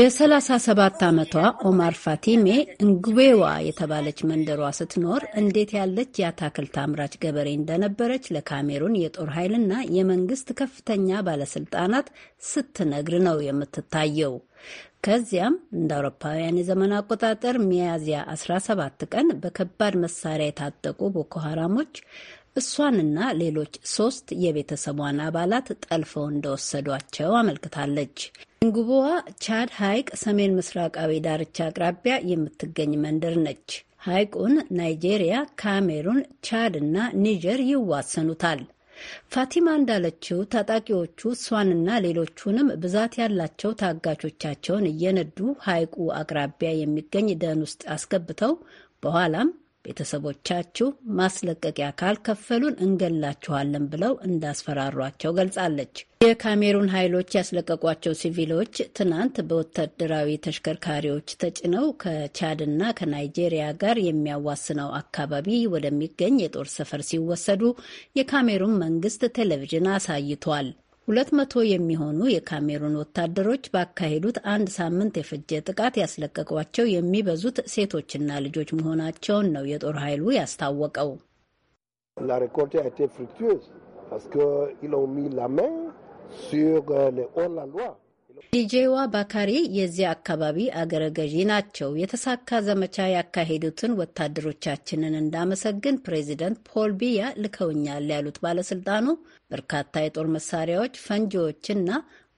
የሰላሳ ሰባት ዓመቷ ኦማር ፋቲሜ እንጉዌዋ የተባለች መንደሯ ስትኖር እንዴት ያለች የአታክልት አምራች ገበሬ እንደነበረች ለካሜሩን የጦር ኃይልና የመንግስት ከፍተኛ ባለስልጣናት ስትነግር ነው የምትታየው። ከዚያም እንደ አውሮፓውያን የዘመን አቆጣጠር ሚያዝያ 17 ቀን በከባድ መሳሪያ የታጠቁ ቦኮ ሀራሞች እሷንና ሌሎች ሶስት የቤተሰቧን አባላት ጠልፈው እንደወሰዷቸው አመልክታለች። ንጉቦዋ ቻድ ሐይቅ ሰሜን ምስራቃዊ ዳርቻ አቅራቢያ የምትገኝ መንደር ነች። ሐይቁን ናይጄሪያ፣ ካሜሩን፣ ቻድ እና ኒጀር ይዋሰኑታል። ፋቲማ እንዳለችው ታጣቂዎቹ እሷንና ሌሎቹንም ብዛት ያላቸው ታጋቾቻቸውን እየነዱ ሐይቁ አቅራቢያ የሚገኝ ደን ውስጥ አስገብተው በኋላም ቤተሰቦቻችሁ ማስለቀቂያ ካልከፈሉን እንገላችኋለን ብለው እንዳስፈራሯቸው ገልጻለች። የካሜሩን ኃይሎች ያስለቀቋቸው ሲቪሎች ትናንት በወታደራዊ ተሽከርካሪዎች ተጭነው ከቻድና ከናይጄሪያ ጋር የሚያዋስነው አካባቢ ወደሚገኝ የጦር ሰፈር ሲወሰዱ የካሜሩን መንግስት ቴሌቪዥን አሳይቷል። ሁለት መቶ የሚሆኑ የካሜሩን ወታደሮች ባካሄዱት አንድ ሳምንት የፈጀ ጥቃት ያስለቀቋቸው የሚበዙት ሴቶችና ልጆች መሆናቸውን ነው የጦር ኃይሉ ያስታወቀው። ዲጄዋ ባካሪ የዚህ አካባቢ አገረ ገዢ ናቸው። የተሳካ ዘመቻ ያካሄዱትን ወታደሮቻችንን እንዳመሰግን ፕሬዚደንት ፖል ቢያ ልከውኛል ያሉት ባለስልጣኑ በርካታ የጦር መሳሪያዎች፣ ፈንጂዎችና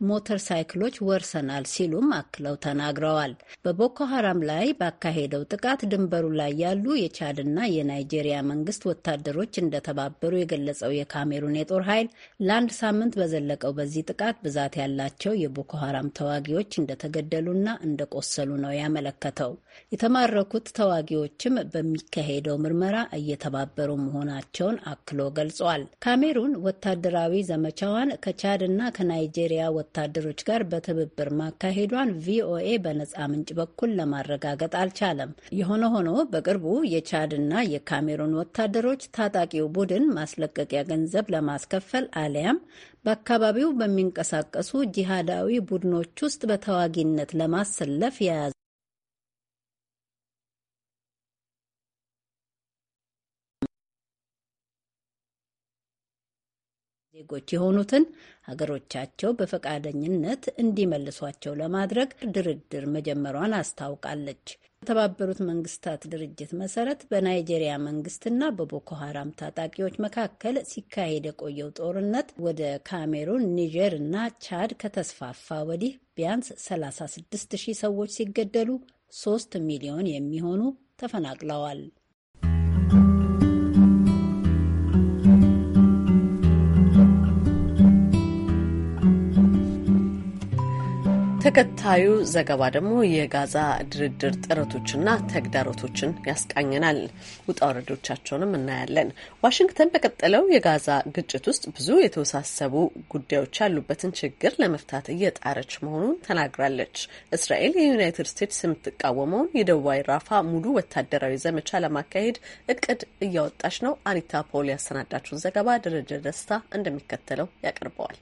ሞተር ሳይክሎች ወርሰናል ሲሉም አክለው ተናግረዋል። በቦኮ ሀራም ላይ ባካሄደው ጥቃት ድንበሩ ላይ ያሉ የቻድና የናይጄሪያ መንግስት ወታደሮች እንደተባበሩ የገለጸው የካሜሩን የጦር ኃይል ለአንድ ሳምንት በዘለቀው በዚህ ጥቃት ብዛት ያላቸው የቦኮ ሀራም ተዋጊዎች እንደተገደሉና እንደቆሰሉ ነው ያመለከተው። የተማረኩት ተዋጊዎችም በሚካሄደው ምርመራ እየተባበሩ መሆናቸውን አክሎ ገልጿል። ካሜሩን ወታደራዊ ዘመቻዋን ከቻድ እና ከናይጄሪያ ወታደሮች ጋር በትብብር ማካሄዷን ቪኦኤ በነጻ ምንጭ በኩል ለማረጋገጥ አልቻለም። የሆነ ሆኖ በቅርቡ የቻድና የካሜሩን ወታደሮች ታጣቂው ቡድን ማስለቀቂያ ገንዘብ ለማስከፈል አሊያም በአካባቢው በሚንቀሳቀሱ ጂሃዳዊ ቡድኖች ውስጥ በተዋጊነት ለማሰለፍ የያዘ ዜጎች የሆኑትን ሀገሮቻቸው በፈቃደኝነት እንዲመልሷቸው ለማድረግ ድርድር መጀመሯን አስታውቃለች። በተባበሩት መንግስታት ድርጅት መሰረት በናይጄሪያ መንግስትና በቦኮ ሀራም ታጣቂዎች መካከል ሲካሄድ የቆየው ጦርነት ወደ ካሜሩን፣ ኒጀር እና ቻድ ከተስፋፋ ወዲህ ቢያንስ 36 ሺህ ሰዎች ሲገደሉ 3 ሚሊዮን የሚሆኑ ተፈናቅለዋል። ተከታዩ ዘገባ ደግሞ የጋዛ ድርድር ጥረቶችና ተግዳሮቶችን ያስቃኘናል። ውጣ ውረዶቻቸውንም እናያለን። ዋሽንግተን በቀጠለው የጋዛ ግጭት ውስጥ ብዙ የተወሳሰቡ ጉዳዮች ያሉበትን ችግር ለመፍታት እየጣረች መሆኑን ተናግራለች። እስራኤል የዩናይትድ ስቴትስ የምትቃወመውን የደቡባዊ ራፋ ሙሉ ወታደራዊ ዘመቻ ለማካሄድ እቅድ እያወጣች ነው። አኒታ ፖል ያሰናዳችውን ዘገባ ደረጀ ደስታ እንደሚከተለው ያቀርበዋል።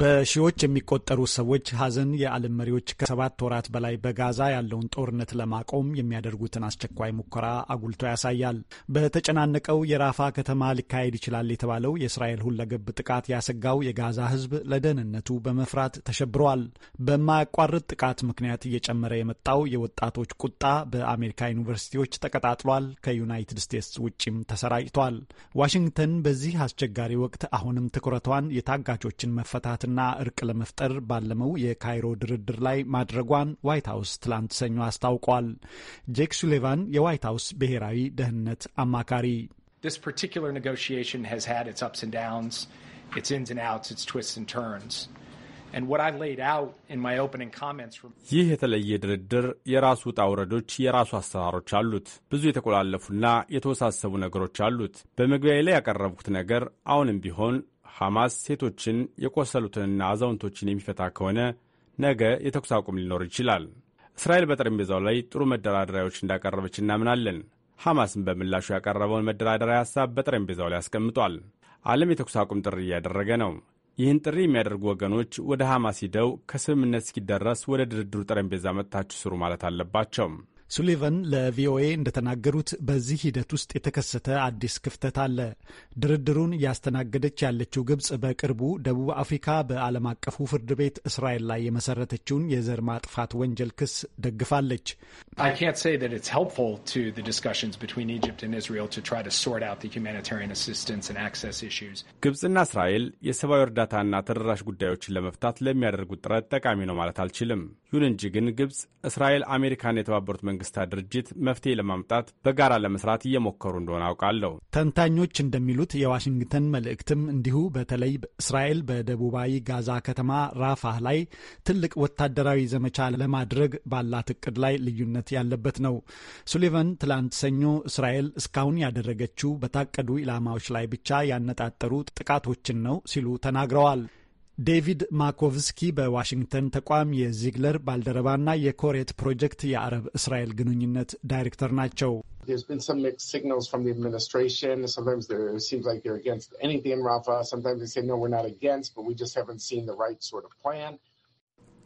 በሺዎች የሚቆጠሩ ሰዎች ሀዘን የዓለም መሪዎች ከሰባት ወራት በላይ በጋዛ ያለውን ጦርነት ለማቆም የሚያደርጉትን አስቸኳይ ሙከራ አጉልቶ ያሳያል። በተጨናነቀው የራፋ ከተማ ሊካሄድ ይችላል የተባለው የእስራኤል ሁለገብ ጥቃት ያሰጋው የጋዛ ሕዝብ ለደህንነቱ በመፍራት ተሸብረዋል። በማያቋርጥ ጥቃት ምክንያት እየጨመረ የመጣው የወጣቶች ቁጣ በአሜሪካ ዩኒቨርሲቲዎች ተቀጣጥሏል። ከዩናይትድ ስቴትስ ውጭም ተሰራጭቷል። ዋሽንግተን በዚህ አስቸጋሪ ወቅት አሁንም ትኩረቷን የታጋቾችን መፈታ ለመፍታትና እርቅ ለመፍጠር ባለመው የካይሮ ድርድር ላይ ማድረጓን ዋይት ሀውስ ትላንት ሰኞ አስታውቋል። ጄክ ሱሊቫን የዋይት ሀውስ ብሔራዊ ደህንነት አማካሪ This particular negotiation has had its ups and downs, its ins and outs, its twists and turns. And what I laid out in my opening comments from ይህ የተለየ ድርድር የራሱ ውጣ ውረዶች፣ የራሱ አሰራሮች አሉት። ብዙ የተቆላለፉና የተወሳሰቡ ነገሮች አሉት። በመግቢያዬ ላይ ያቀረብኩት ነገር አሁንም ቢሆን ሐማስ ሴቶችን የቆሰሉትንና አዛውንቶችን የሚፈታ ከሆነ ነገ የተኩስ አቁም ሊኖር ይችላል። እስራኤል በጠረጴዛው ላይ ጥሩ መደራደሪያዎች እንዳቀረበች እናምናለን። ሐማስም በምላሹ ያቀረበውን መደራደሪያ ሐሳብ በጠረጴዛው ላይ አስቀምጧል። ዓለም የተኩስ አቁም ጥሪ እያደረገ ነው። ይህን ጥሪ የሚያደርጉ ወገኖች ወደ ሐማስ ሂደው ከስምምነት እስኪደረስ ወደ ድርድሩ ጠረጴዛ መጥታችሁ ስሩ ማለት አለባቸው። ሱሊቨን ለቪኦኤ እንደተናገሩት በዚህ ሂደት ውስጥ የተከሰተ አዲስ ክፍተት አለ። ድርድሩን እያስተናገደች ያለችው ግብጽ በቅርቡ ደቡብ አፍሪካ በዓለም አቀፉ ፍርድ ቤት እስራኤል ላይ የመሰረተችውን የዘር ማጥፋት ወንጀል ክስ ደግፋለች። ግብጽና እስራኤል የሰብአዊ እርዳታና ተደራሽ ጉዳዮችን ለመፍታት ለሚያደርጉት ጥረት ጠቃሚ ነው ማለት አልችልም። ይሁን እንጂ ግን ግብጽ፣ እስራኤል፣ አሜሪካና የተባበሩት መንግስታት ድርጅት መፍትሄ ለማምጣት በጋራ ለመስራት እየሞከሩ እንደሆነ አውቃለሁ። ተንታኞች እንደሚሉት የዋሽንግተን መልእክትም እንዲሁ በተለይ እስራኤል በደቡባዊ ጋዛ ከተማ ራፋህ ላይ ትልቅ ወታደራዊ ዘመቻ ለማድረግ ባላት እቅድ ላይ ልዩነት ያለበት ነው። ሱሊቫን ትላንት ሰኞ እስራኤል እስካሁን ያደረገችው በታቀዱ ኢላማዎች ላይ ብቻ ያነጣጠሩ ጥቃቶችን ነው ሲሉ ተናግረዋል። ዴቪድ ማኮቭስኪ በዋሽንግተን ተቋም የዚግለር ባልደረባና የኮሬት ፕሮጀክት የአረብ እስራኤል ግንኙነት ዳይሬክተር ናቸው።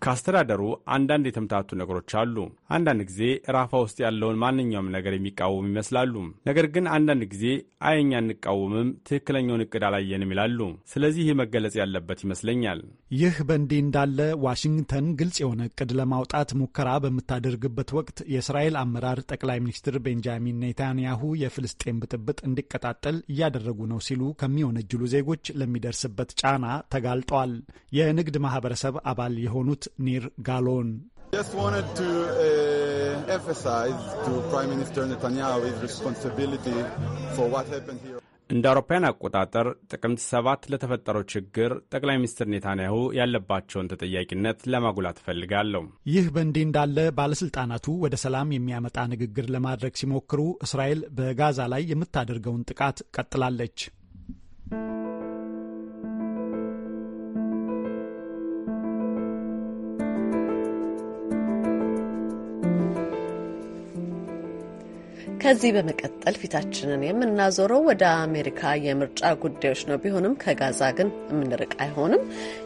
ከአስተዳደሩ አንዳንድ የተምታቱ ነገሮች አሉ። አንዳንድ ጊዜ ራፋ ውስጥ ያለውን ማንኛውም ነገር የሚቃወሙ ይመስላሉ። ነገር ግን አንዳንድ ጊዜ አይኛ አንቃወምም፣ ትክክለኛውን እቅድ አላየንም ይላሉ። ስለዚህ ይህ መገለጽ ያለበት ይመስለኛል። ይህ በእንዲህ እንዳለ ዋሽንግተን ግልጽ የሆነ እቅድ ለማውጣት ሙከራ በምታደርግበት ወቅት የእስራኤል አመራር ጠቅላይ ሚኒስትር ቤንጃሚን ኔታንያሁ የፍልስጤን ብጥብጥ እንዲቀጣጠል እያደረጉ ነው ሲሉ ከሚወነጅሉ ዜጎች ለሚደርስበት ጫና ተጋልጠዋል። የንግድ ማህበረሰብ አባል የሆኑት ኒር ጋሎን uh, እንደ አውሮፓውያን አቆጣጠር ጥቅምት ሰባት ለተፈጠረው ችግር ጠቅላይ ሚኒስትር ኔታንያሁ ያለባቸውን ተጠያቂነት ለማጉላት እፈልጋለሁ። ይህ በእንዲህ እንዳለ ባለስልጣናቱ ወደ ሰላም የሚያመጣ ንግግር ለማድረግ ሲሞክሩ እስራኤል በጋዛ ላይ የምታደርገውን ጥቃት ቀጥላለች። ከዚህ በመቀጠል ፊታችንን የምናዞረው ወደ አሜሪካ የምርጫ ጉዳዮች ነው። ቢሆንም ከጋዛ ግን የምንርቅ አይሆንም።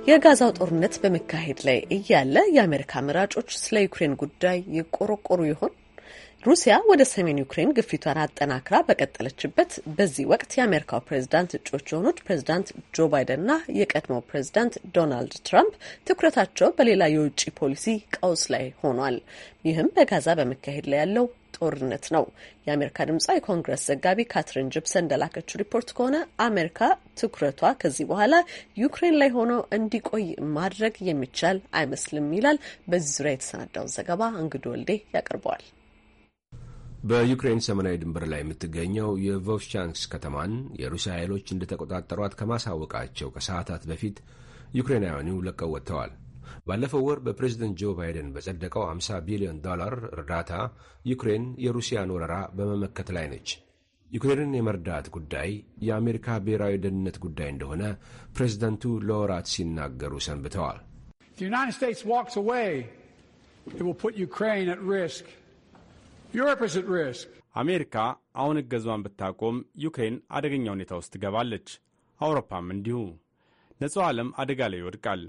የጋዛው ጦርነት በመካሄድ ላይ እያለ የአሜሪካ መራጮች ስለ ዩክሬን ጉዳይ ይቆረቆሩ ይሆን? ሩሲያ ወደ ሰሜን ዩክሬን ግፊቷን አጠናክራ በቀጠለችበት በዚህ ወቅት የአሜሪካው ፕሬዚዳንት እጩዎች የሆኑት ፕሬዚዳንት ጆ ባይደንና የቀድሞው ፕሬዚዳንት ዶናልድ ትራምፕ ትኩረታቸው በሌላ የውጭ ፖሊሲ ቀውስ ላይ ሆኗል። ይህም በጋዛ በመካሄድ ላይ ያለው ጦርነት ነው። የአሜሪካ ድምጽ የኮንግረስ ዘጋቢ ካትሪን ጅፕሰን እንደላከችው ሪፖርት ከሆነ አሜሪካ ትኩረቷ ከዚህ በኋላ ዩክሬን ላይ ሆኖ እንዲቆይ ማድረግ የሚቻል አይመስልም ይላል። በዚህ ዙሪያ የተሰናዳውን ዘገባ እንግዱ ወልዴ ያቀርበዋል። በዩክሬን ሰሜናዊ ድንበር ላይ የምትገኘው የቮቭቻንስክ ከተማን የሩሲያ ኃይሎች እንደተቆጣጠሯት ከማሳወቃቸው ከሰዓታት በፊት ዩክሬናውያኑ ለቀው ወጥተዋል። ባለፈው ወር በፕሬዝደንት ጆ ባይደን በጸደቀው 50 ቢሊዮን ዶላር እርዳታ ዩክሬን የሩሲያን ወረራ በመመከት ላይ ነች። ዩክሬንን የመርዳት ጉዳይ የአሜሪካ ብሔራዊ ደህንነት ጉዳይ እንደሆነ ፕሬዝደንቱ ለወራት ሲናገሩ ሰንብተዋል። አሜሪካ አሁን እገዟን ብታቆም ዩክሬን አደገኛ ሁኔታ ውስጥ ትገባለች። አውሮፓም እንዲሁ። ነጹ ዓለም አደጋ ላይ ይወድቃል።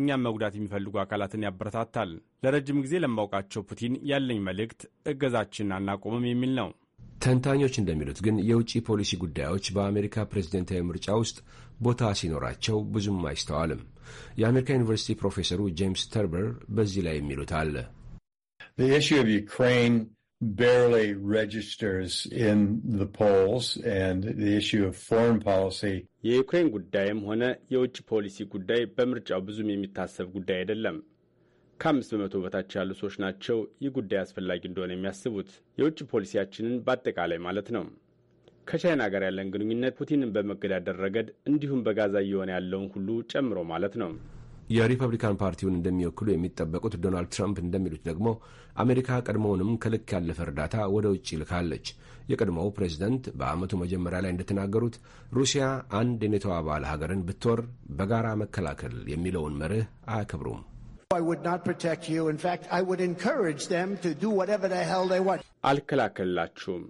እኛም መጉዳት የሚፈልጉ አካላትን ያበረታታል። ለረጅም ጊዜ ለማውቃቸው ፑቲን ያለኝ መልእክት እገዛችን አናቆምም የሚል ነው። ተንታኞች እንደሚሉት ግን የውጭ ፖሊሲ ጉዳዮች በአሜሪካ ፕሬዝደንታዊ ምርጫ ውስጥ ቦታ ሲኖራቸው ብዙም አይስተዋልም። የአሜሪካ ዩኒቨርሲቲ ፕሮፌሰሩ ጄምስ ተርበር በዚህ ላይ የሚሉት አለ barely registers in the polls and the issue of foreign policy የዩክሬን ጉዳይም ሆነ የውጭ ፖሊሲ ጉዳይ በምርጫው ብዙም የሚታሰብ ጉዳይ አይደለም። ከአምስት በመቶ በታች ያሉ ሰዎች ናቸው ይህ ጉዳይ አስፈላጊ እንደሆነ የሚያስቡት የውጭ ፖሊሲያችንን በአጠቃላይ ማለት ነው። ከቻይና ጋር ያለን ግንኙነት ፑቲንን በመገዳደር ረገድ እንዲሁም በጋዛ እየሆነ ያለውን ሁሉ ጨምሮ ማለት ነው። የሪፐብሊካን ፓርቲውን እንደሚወክሉ የሚጠበቁት ዶናልድ ትራምፕ እንደሚሉት ደግሞ አሜሪካ ቀድሞውንም ከልክ ያለፈ እርዳታ ወደ ውጭ ልካለች። የቀድሞው ፕሬዚደንት በዓመቱ መጀመሪያ ላይ እንደተናገሩት ሩሲያ አንድ የኔቶ አባል ሀገርን ብትወር በጋራ መከላከል የሚለውን መርህ አያከብሩም። አልከላከልላችሁም።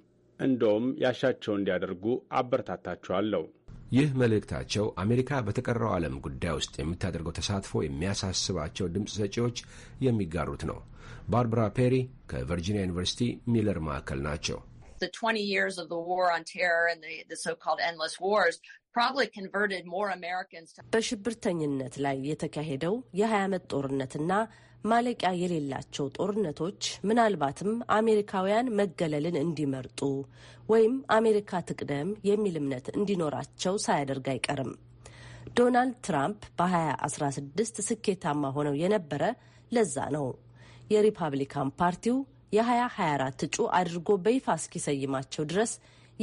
እንደውም ያሻቸው እንዲያደርጉ አበረታታችኋለሁ። ይህ መልእክታቸው አሜሪካ በተቀረው ዓለም ጉዳይ ውስጥ የምታደርገው ተሳትፎ የሚያሳስባቸው ድምፅ ሰጪዎች የሚጋሩት ነው። ባርበራ ፔሪ ከቨርጂኒያ ዩኒቨርሲቲ ሚለር ማዕከል ናቸው። በሽብርተኝነት ላይ የተካሄደው የ20 ዓመት ጦርነትና ማለቂያ የሌላቸው ጦርነቶች ምናልባትም አሜሪካውያን መገለልን እንዲመርጡ ወይም አሜሪካ ትቅደም የሚል እምነት እንዲኖራቸው ሳያደርግ አይቀርም። ዶናልድ ትራምፕ በ2016 ስኬታማ ሆነው የነበረ ለዛ ነው። የሪፓብሊካን ፓርቲው የ2024 እጩ አድርጎ በይፋ እስኪሰይማቸው ድረስ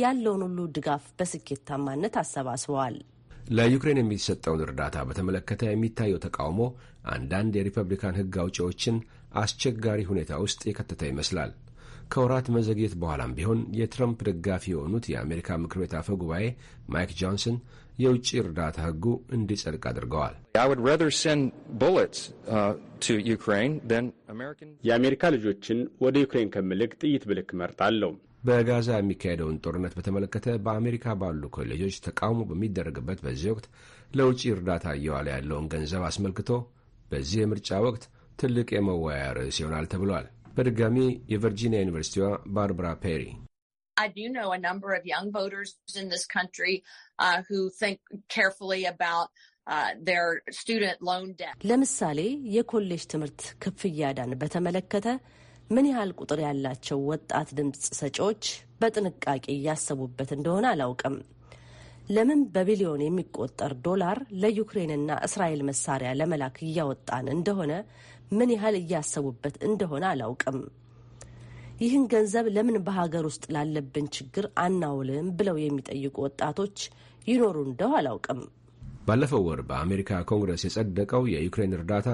ያለውን ሁሉ ድጋፍ በስኬታማነት አሰባስበዋል። ለዩክሬን የሚሰጠውን እርዳታ በተመለከተ የሚታየው ተቃውሞ አንዳንድ የሪፐብሊካን ሕግ አውጪዎችን አስቸጋሪ ሁኔታ ውስጥ የከተተ ይመስላል። ከወራት መዘግየት በኋላም ቢሆን የትረምፕ ደጋፊ የሆኑት የአሜሪካ ምክር ቤት አፈ ጉባኤ ማይክ ጆንሰን የውጭ እርዳታ ሕጉ እንዲጸድቅ አድርገዋል። uh, የአሜሪካ ልጆችን ወደ ዩክሬን ከምልክ ጥይት ብልክ እመርጣለሁ። በጋዛ የሚካሄደውን ጦርነት በተመለከተ በአሜሪካ ባሉ ኮሌጆች ተቃውሞ በሚደረግበት በዚህ ወቅት ለውጭ እርዳታ እየዋለ ያለውን ገንዘብ አስመልክቶ በዚህ የምርጫ ወቅት ትልቅ የመወያያ ርዕስ ይሆናል ተብሏል። በድጋሚ የቨርጂኒያ ዩኒቨርሲቲዋ ባርብራ ፔሪ ለምሳሌ የኮሌጅ ትምህርት ክፍያ ዕዳን በተመለከተ ምን ያህል ቁጥር ያላቸው ወጣት ድምፅ ሰጪዎች በጥንቃቄ እያሰቡበት እንደሆነ አላውቅም። ለምን በቢሊዮን የሚቆጠር ዶላር ለዩክሬንና እስራኤል መሳሪያ ለመላክ እያወጣን እንደሆነ ምን ያህል እያሰቡበት እንደሆነ አላውቅም። ይህን ገንዘብ ለምን በሀገር ውስጥ ላለብን ችግር አናውልም ብለው የሚጠይቁ ወጣቶች ይኖሩ እንደው አላውቅም። ባለፈው ወር በአሜሪካ ኮንግረስ የጸደቀው የዩክሬን እርዳታ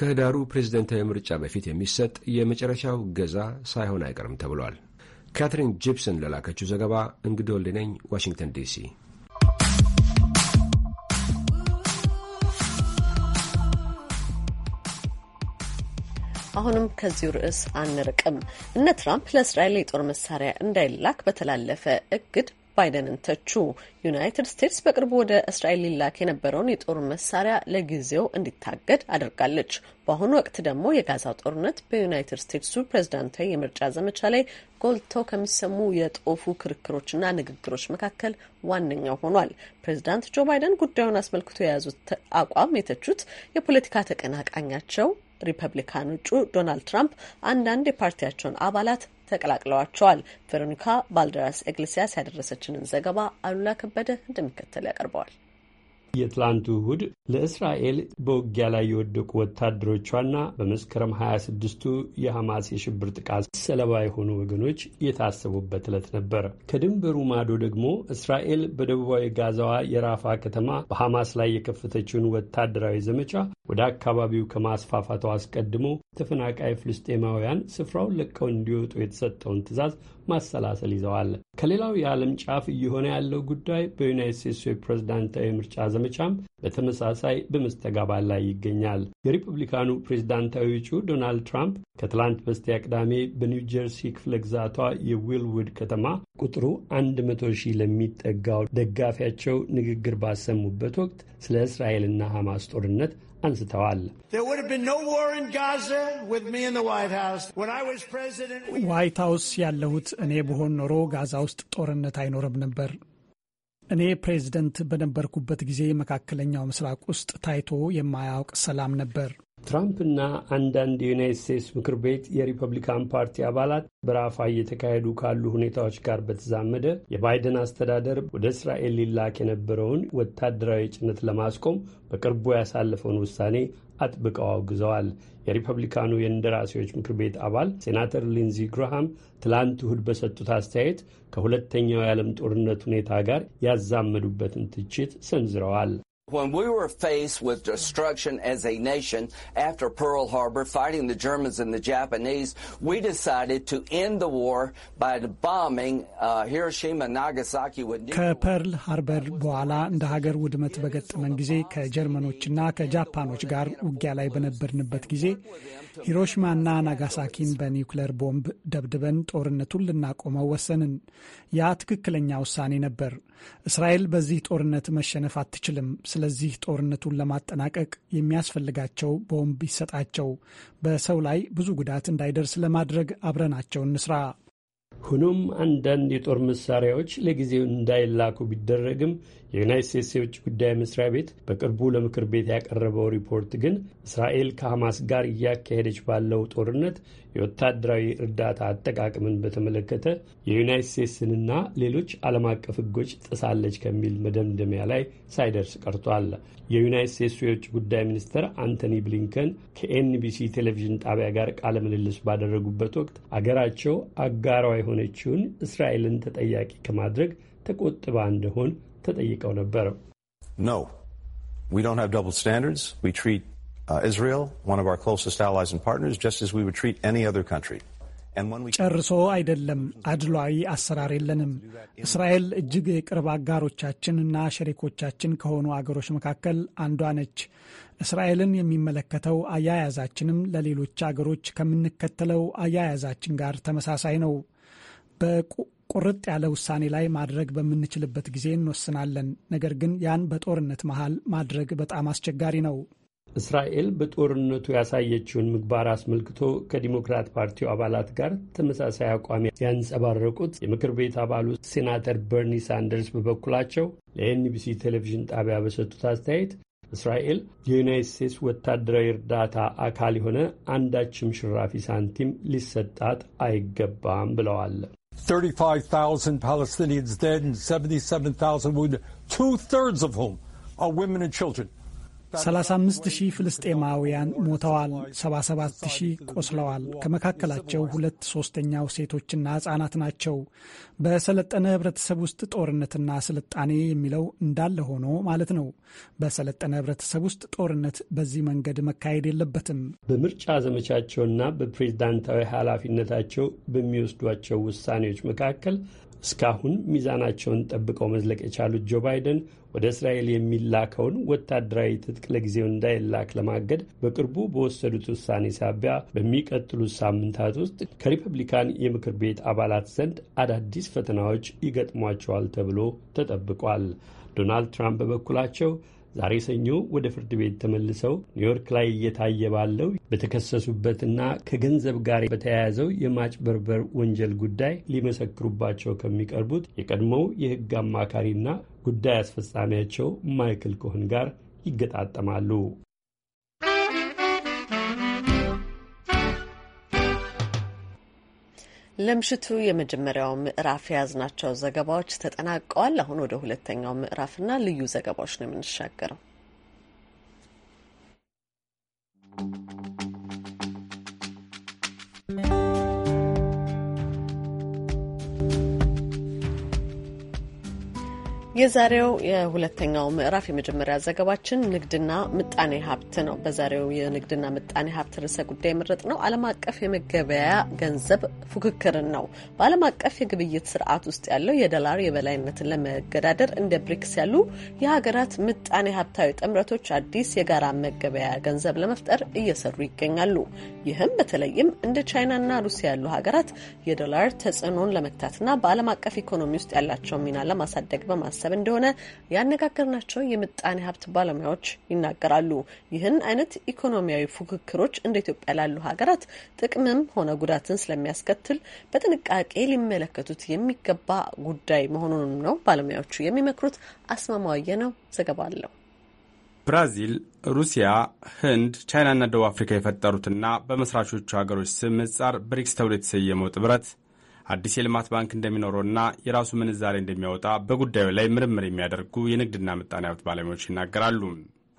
ከህዳሩ ፕሬዝደንታዊ ምርጫ በፊት የሚሰጥ የመጨረሻው ገዛ ሳይሆን አይቀርም ተብሏል። ካትሪን ጂፕሰን ለላከችው ዘገባ እንግዶ ልነኝ ዋሽንግተን ዲሲ። አሁንም ከዚሁ ርዕስ አንርቅም። እነ ትራምፕ ለእስራኤል የጦር መሳሪያ እንዳይላክ በተላለፈ እግድ ባይደንን ተቹ። ዩናይትድ ስቴትስ በቅርቡ ወደ እስራኤል ሊላክ የነበረውን የጦር መሳሪያ ለጊዜው እንዲታገድ አድርጋለች። በአሁኑ ወቅት ደግሞ የጋዛው ጦርነት በዩናይትድ ስቴትሱ ፕሬዝዳንታዊ የምርጫ ዘመቻ ላይ ጎልተው ከሚሰሙ የጦፉ ክርክሮችና ንግግሮች መካከል ዋነኛው ሆኗል። ፕሬዝዳንት ጆ ባይደን ጉዳዩን አስመልክቶ የያዙት አቋም የተቹት የፖለቲካ ተቀናቃኛቸው ሪፐብሊካን እጩ ዶናልድ ትራምፕ አንዳንድ የፓርቲያቸውን አባላት ተቀላቅለዋቸዋል። ቬሮኒካ ባልደራስ ኤግሊሲያስ ያደረሰችንን ዘገባ አሉላ ከበደ እንደሚከተል ያቀርበዋል። የትላንቱ እሁድ ለእስራኤል በውጊያ ላይ የወደቁ ወታደሮቿና በመስከረም 26ቱ የሐማስ የሽብር ጥቃት ሰለባ የሆኑ ወገኖች የታሰቡበት ዕለት ነበር። ከድንበሩ ማዶ ደግሞ እስራኤል በደቡባዊ ጋዛዋ የራፋ ከተማ በሐማስ ላይ የከፈተችውን ወታደራዊ ዘመቻ ወደ አካባቢው ከማስፋፋቷ አስቀድሞ ተፈናቃይ ፍልስጤማውያን ስፍራውን ለቀው እንዲወጡ የተሰጠውን ትዕዛዝ ማሰላሰል ይዘዋል። ከሌላው የዓለም ጫፍ እየሆነ ያለው ጉዳይ በዩናይት ስቴትሱ የፕሬዝዳንታዊ ምርጫ ዘመቻም በተመሳሳይ በመስተጋባል ላይ ይገኛል። የሪፐብሊካኑ ፕሬዝዳንታዊ እጩ ዶናልድ ትራምፕ ከትላንት በስቲያ ቅዳሜ በኒው ጀርሲ ክፍለ ግዛቷ የዊልውድ ከተማ ቁጥሩ 100 ሺህ ለሚጠጋው ደጋፊያቸው ንግግር ባሰሙበት ወቅት ስለ እስራኤልና ሐማስ ጦርነት አንስተዋል። ዋይት ሀውስ ያለሁት እኔ ብሆን ኖሮ ጋዛ ውስጥ ጦርነት አይኖርም ነበር። እኔ ፕሬዚደንት በነበርኩበት ጊዜ መካከለኛው ምስራቅ ውስጥ ታይቶ የማያውቅ ሰላም ነበር። ትራምፕና አንዳንድ የዩናይት ስቴትስ ምክር ቤት የሪፐብሊካን ፓርቲ አባላት በራፋ እየተካሄዱ ካሉ ሁኔታዎች ጋር በተዛመደ የባይደን አስተዳደር ወደ እስራኤል ሊላክ የነበረውን ወታደራዊ ጭነት ለማስቆም በቅርቡ ያሳለፈውን ውሳኔ አጥብቀው አውግዘዋል። የሪፐብሊካኑ የእንደራሴዎች ምክር ቤት አባል ሴናተር ሊንዚ ግሮሃም ትላንት እሁድ በሰጡት አስተያየት ከሁለተኛው የዓለም ጦርነት ሁኔታ ጋር ያዛመዱበትን ትችት ሰንዝረዋል። when we were faced with destruction as a nation after Pearl Harbor, fighting the Germans and the Japanese, we decided to end the war by bombing uh, Hiroshima and Nagasaki with ከፐርል ሃርበር በኋላ እንደ ሀገር ውድመት በገጠመን ጊዜ ከጀርመኖችና ከጃፓኖች ጋር ውጊያ ላይ በነበርንበት ጊዜ ሂሮሽማና ናጋሳኪን በኒውክለር ቦምብ ደብድበን ጦርነቱን ልናቆመው ወሰንን። ያ ትክክለኛ ውሳኔ ነበር። እስራኤል በዚህ ጦርነት መሸነፍ አትችልም። ስለዚህ ጦርነቱን ለማጠናቀቅ የሚያስፈልጋቸው ቦምብ ይሰጣቸው፣ በሰው ላይ ብዙ ጉዳት እንዳይደርስ ለማድረግ አብረናቸው እንስራ። ሆኖም አንዳንድ የጦር መሳሪያዎች ለጊዜው እንዳይላኩ ቢደረግም የዩናይት ስቴትስ የውጭ ጉዳይ መስሪያ ቤት በቅርቡ ለምክር ቤት ያቀረበው ሪፖርት ግን እስራኤል ከሐማስ ጋር እያካሄደች ባለው ጦርነት የወታደራዊ እርዳታ አጠቃቀምን በተመለከተ የዩናይት ስቴትስንና ሌሎች ዓለም አቀፍ ሕጎች ጥሳለች ከሚል መደምደሚያ ላይ ሳይደርስ ቀርቷል። የዩናይት ስቴትሱ የውጭ ጉዳይ ሚኒስትር አንቶኒ ብሊንከን ከኤንቢሲ ቴሌቪዥን ጣቢያ ጋር ቃለ ምልልስ ባደረጉበት ወቅት አገራቸው አጋሯ የሆነችውን እስራኤልን ተጠያቂ ከማድረግ ተቆጥባ እንደሆን ተጠይቀው ነበር። ኖ we don't have double standards. We treat uh, Israel, one ጨርሶ አይደለም። አድሏዊ አሰራር የለንም። እስራኤል እጅግ የቅርብ አጋሮቻችንና ሸሪኮቻችን ከሆኑ አገሮች መካከል አንዷ ነች። እስራኤልን የሚመለከተው አያያዛችንም ለሌሎች አገሮች ከምንከተለው አያያዛችን ጋር ተመሳሳይ ነው። ቁርጥ ያለ ውሳኔ ላይ ማድረግ በምንችልበት ጊዜ እንወስናለን። ነገር ግን ያን በጦርነት መሃል ማድረግ በጣም አስቸጋሪ ነው። እስራኤል በጦርነቱ ያሳየችውን ምግባር አስመልክቶ ከዲሞክራት ፓርቲው አባላት ጋር ተመሳሳይ አቋም ያንጸባረቁት የምክር ቤት አባሉ ሴናተር በርኒ ሳንደርስ በበኩላቸው ለኤንቢሲ ቴሌቪዥን ጣቢያ በሰጡት አስተያየት እስራኤል የዩናይት ስቴትስ ወታደራዊ እርዳታ አካል የሆነ አንዳችም ሽራፊ ሳንቲም ሊሰጣት አይገባም ብለዋል። 35,000 Palestinians dead and 77,000 wounded, two thirds of whom are women and children. 35 ሺህ ፍልስጤማውያን ሞተዋል፣ 77 ሺህ ቆስለዋል። ከመካከላቸው ሁለት ሶስተኛው ሴቶችና ህጻናት ናቸው። በሰለጠነ ህብረተሰብ ውስጥ ጦርነትና ስልጣኔ የሚለው እንዳለ ሆኖ ማለት ነው። በሰለጠነ ህብረተሰብ ውስጥ ጦርነት በዚህ መንገድ መካሄድ የለበትም። በምርጫ ዘመቻቸውና በፕሬዝዳንታዊ ኃላፊነታቸው በሚወስዷቸው ውሳኔዎች መካከል እስካሁን ሚዛናቸውን ጠብቀው መዝለቅ የቻሉት ጆ ባይደን ወደ እስራኤል የሚላከውን ወታደራዊ ትጥቅ ለጊዜው እንዳይላክ ለማገድ በቅርቡ በወሰዱት ውሳኔ ሳቢያ በሚቀጥሉት ሳምንታት ውስጥ ከሪፐብሊካን የምክር ቤት አባላት ዘንድ አዳዲስ ፈተናዎች ይገጥሟቸዋል ተብሎ ተጠብቋል። ዶናልድ ትራምፕ በበኩላቸው ዛሬ ሰኞ ወደ ፍርድ ቤት ተመልሰው ኒውዮርክ ላይ እየታየ ባለው በተከሰሱበትና ከገንዘብ ጋር በተያያዘው የማጭበርበር ወንጀል ጉዳይ ሊመሰክሩባቸው ከሚቀርቡት የቀድሞው የሕግ አማካሪና ጉዳይ አስፈጻሚያቸው ማይክል ኮህን ጋር ይገጣጠማሉ። ለምሽቱ የመጀመሪያው ምዕራፍ የያዝናቸው ዘገባዎች ተጠናቀዋል። አሁን ወደ ሁለተኛው ምዕራፍና ልዩ ዘገባዎች ነው የምንሻገረው። የዛሬው የሁለተኛው ምዕራፍ የመጀመሪያ ዘገባችን ንግድና ምጣኔ ሀብት ነው። በዛሬው የንግድና ምጣኔ ሀብት ርዕሰ ጉዳይ የምረጥ ነው ዓለም አቀፍ የመገበያያ ገንዘብ ፉክክርን ነው። በዓለም አቀፍ የግብይት ስርዓት ውስጥ ያለው የዶላር የበላይነትን ለመገዳደር እንደ ብሪክስ ያሉ የሀገራት ምጣኔ ሀብታዊ ጥምረቶች አዲስ የጋራ መገበያ ገንዘብ ለመፍጠር እየሰሩ ይገኛሉ። ይህም በተለይም እንደ ቻይናና ሩሲያ ያሉ ሀገራት የዶላር ተጽዕኖን ለመግታትና በዓለም አቀፍ ኢኮኖሚ ውስጥ ያላቸው ሚና ለማሳደግ በማሰብ ሀሳብ እንደሆነ ያነጋገርናቸው የምጣኔ ሀብት ባለሙያዎች ይናገራሉ። ይህን አይነት ኢኮኖሚያዊ ፉክክሮች እንደ ኢትዮጵያ ላሉ ሀገራት ጥቅምም ሆነ ጉዳትን ስለሚያስከትል በጥንቃቄ ሊመለከቱት የሚገባ ጉዳይ መሆኑንም ነው ባለሙያዎቹ የሚመክሩት። አስማማዋየ ነው ዘገባ አለው። ብራዚል፣ ሩሲያ፣ ህንድ፣ ቻይናና ደቡብ አፍሪካ የፈጠሩትና በመስራቾቹ ሀገሮች ስም ምጻር ብሪክስ ተብሎ የተሰየመው ጥምረት አዲስ የልማት ባንክ እንደሚኖረውና የራሱ ምንዛሬ እንደሚያወጣ በጉዳዩ ላይ ምርምር የሚያደርጉ የንግድና ምጣኔ ሀብት ባለሙያዎች ይናገራሉ።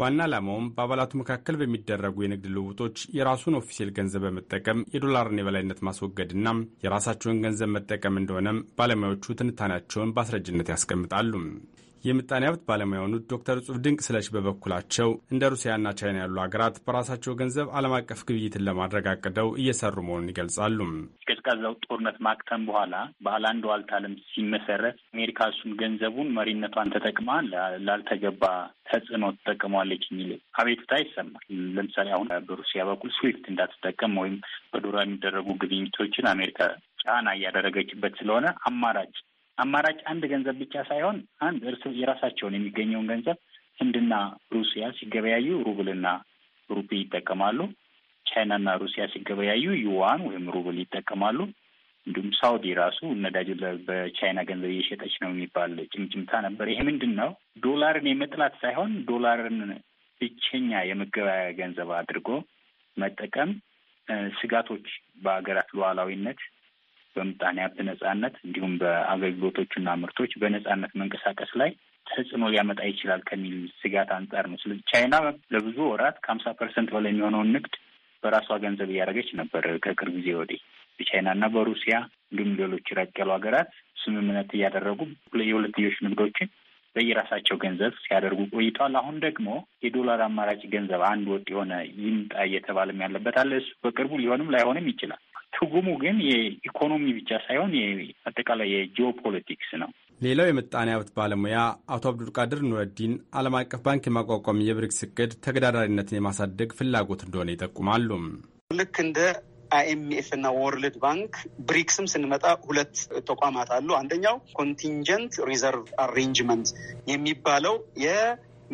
ዋና ዓላማውም በአባላቱ መካከል በሚደረጉ የንግድ ልውውጦች የራሱን ኦፊሴል ገንዘብ በመጠቀም የዶላርን የበላይነት ማስወገድና የራሳቸውን ገንዘብ መጠቀም እንደሆነም ባለሙያዎቹ ትንታኔያቸውን በአስረጅነት ያስቀምጣሉ። የምጣኔ ሀብት ባለሙያ የሆኑት ዶክተር ጹፍ ድንቅ ስለሽ በበኩላቸው እንደ ሩሲያና ቻይና ያሉ ሀገራት በራሳቸው ገንዘብ ዓለም አቀፍ ግብይትን ለማድረግ አቅደው እየሰሩ መሆኑን ይገልጻሉ። ቀዝቃዛው ጦርነት ማክተም በኋላ ባለ አንድ ዋልታ ዓለም ሲመሰረት አሜሪካ እሱን ገንዘቡን መሪነቷን ተጠቅማ ላልተገባ ተጽዕኖ ትጠቀሟለች የሚል አቤቱታ ይሰማል። ለምሳሌ አሁን በሩሲያ በኩል ስዊፍት እንዳትጠቀም ወይም በዶላር የሚደረጉ ግብይቶችን አሜሪካ ጫና እያደረገችበት ስለሆነ አማራጭ አማራጭ አንድ ገንዘብ ብቻ ሳይሆን አንድ እርስ የራሳቸውን የሚገኘውን ገንዘብ ህንድና ሩሲያ ሲገበያዩ ሩብልና ሩፒ ይጠቀማሉ። ቻይናና ሩሲያ ሲገበያዩ ዩዋን ወይም ሩብል ይጠቀማሉ። እንዲሁም ሳውዲ ራሱ ነዳጅ በቻይና ገንዘብ እየሸጠች ነው የሚባል ጭምጭምታ ነበር። ይሄ ምንድን ነው? ዶላርን የመጥላት ሳይሆን ዶላርን ብቸኛ የመገበያያ ገንዘብ አድርጎ መጠቀም ስጋቶች በሀገራት ሉዓላዊነት በምጣኔ ሀብት ነጻነት እንዲሁም በአገልግሎቶችና ምርቶች በነጻነት መንቀሳቀስ ላይ ተጽዕኖ ሊያመጣ ይችላል ከሚል ስጋት አንጻር ነው። ስለዚህ ቻይና ለብዙ ወራት ከሀምሳ ፐርሰንት በላይ የሚሆነውን ንግድ በራሷ ገንዘብ እያደረገች ነበር። ከቅርብ ጊዜ ወዲህ በቻይናና በሩሲያ እንዲሁም ሌሎች ራቅ ያሉ ሀገራት ስምምነት እያደረጉ የሁለትዮሽ ንግዶችን በየራሳቸው ገንዘብ ሲያደርጉ ቆይተዋል። አሁን ደግሞ የዶላር አማራጭ ገንዘብ አንድ ወጥ የሆነ ይምጣ እየተባለም ያለበት አለ። እሱ በቅርቡ ሊሆንም ላይሆንም ይችላል። ትርጉሙ ግን የኢኮኖሚ ብቻ ሳይሆን አጠቃላይ የጂኦ ፖለቲክስ ነው። ሌላው የምጣኔ ሀብት ባለሙያ አቶ አብዱልቃድር ኑረዲን ዓለም አቀፍ ባንክ የማቋቋም የብሪክስ እቅድ ተገዳዳሪነትን የማሳደግ ፍላጎት እንደሆነ ይጠቁማሉ። ልክ እንደ አይኤምኤፍ እና ወርልድ ባንክ ብሪክስም ስንመጣ ሁለት ተቋማት አሉ። አንደኛው ኮንቲንጀንት ሪዘርቭ አሬንጅመንት የሚባለው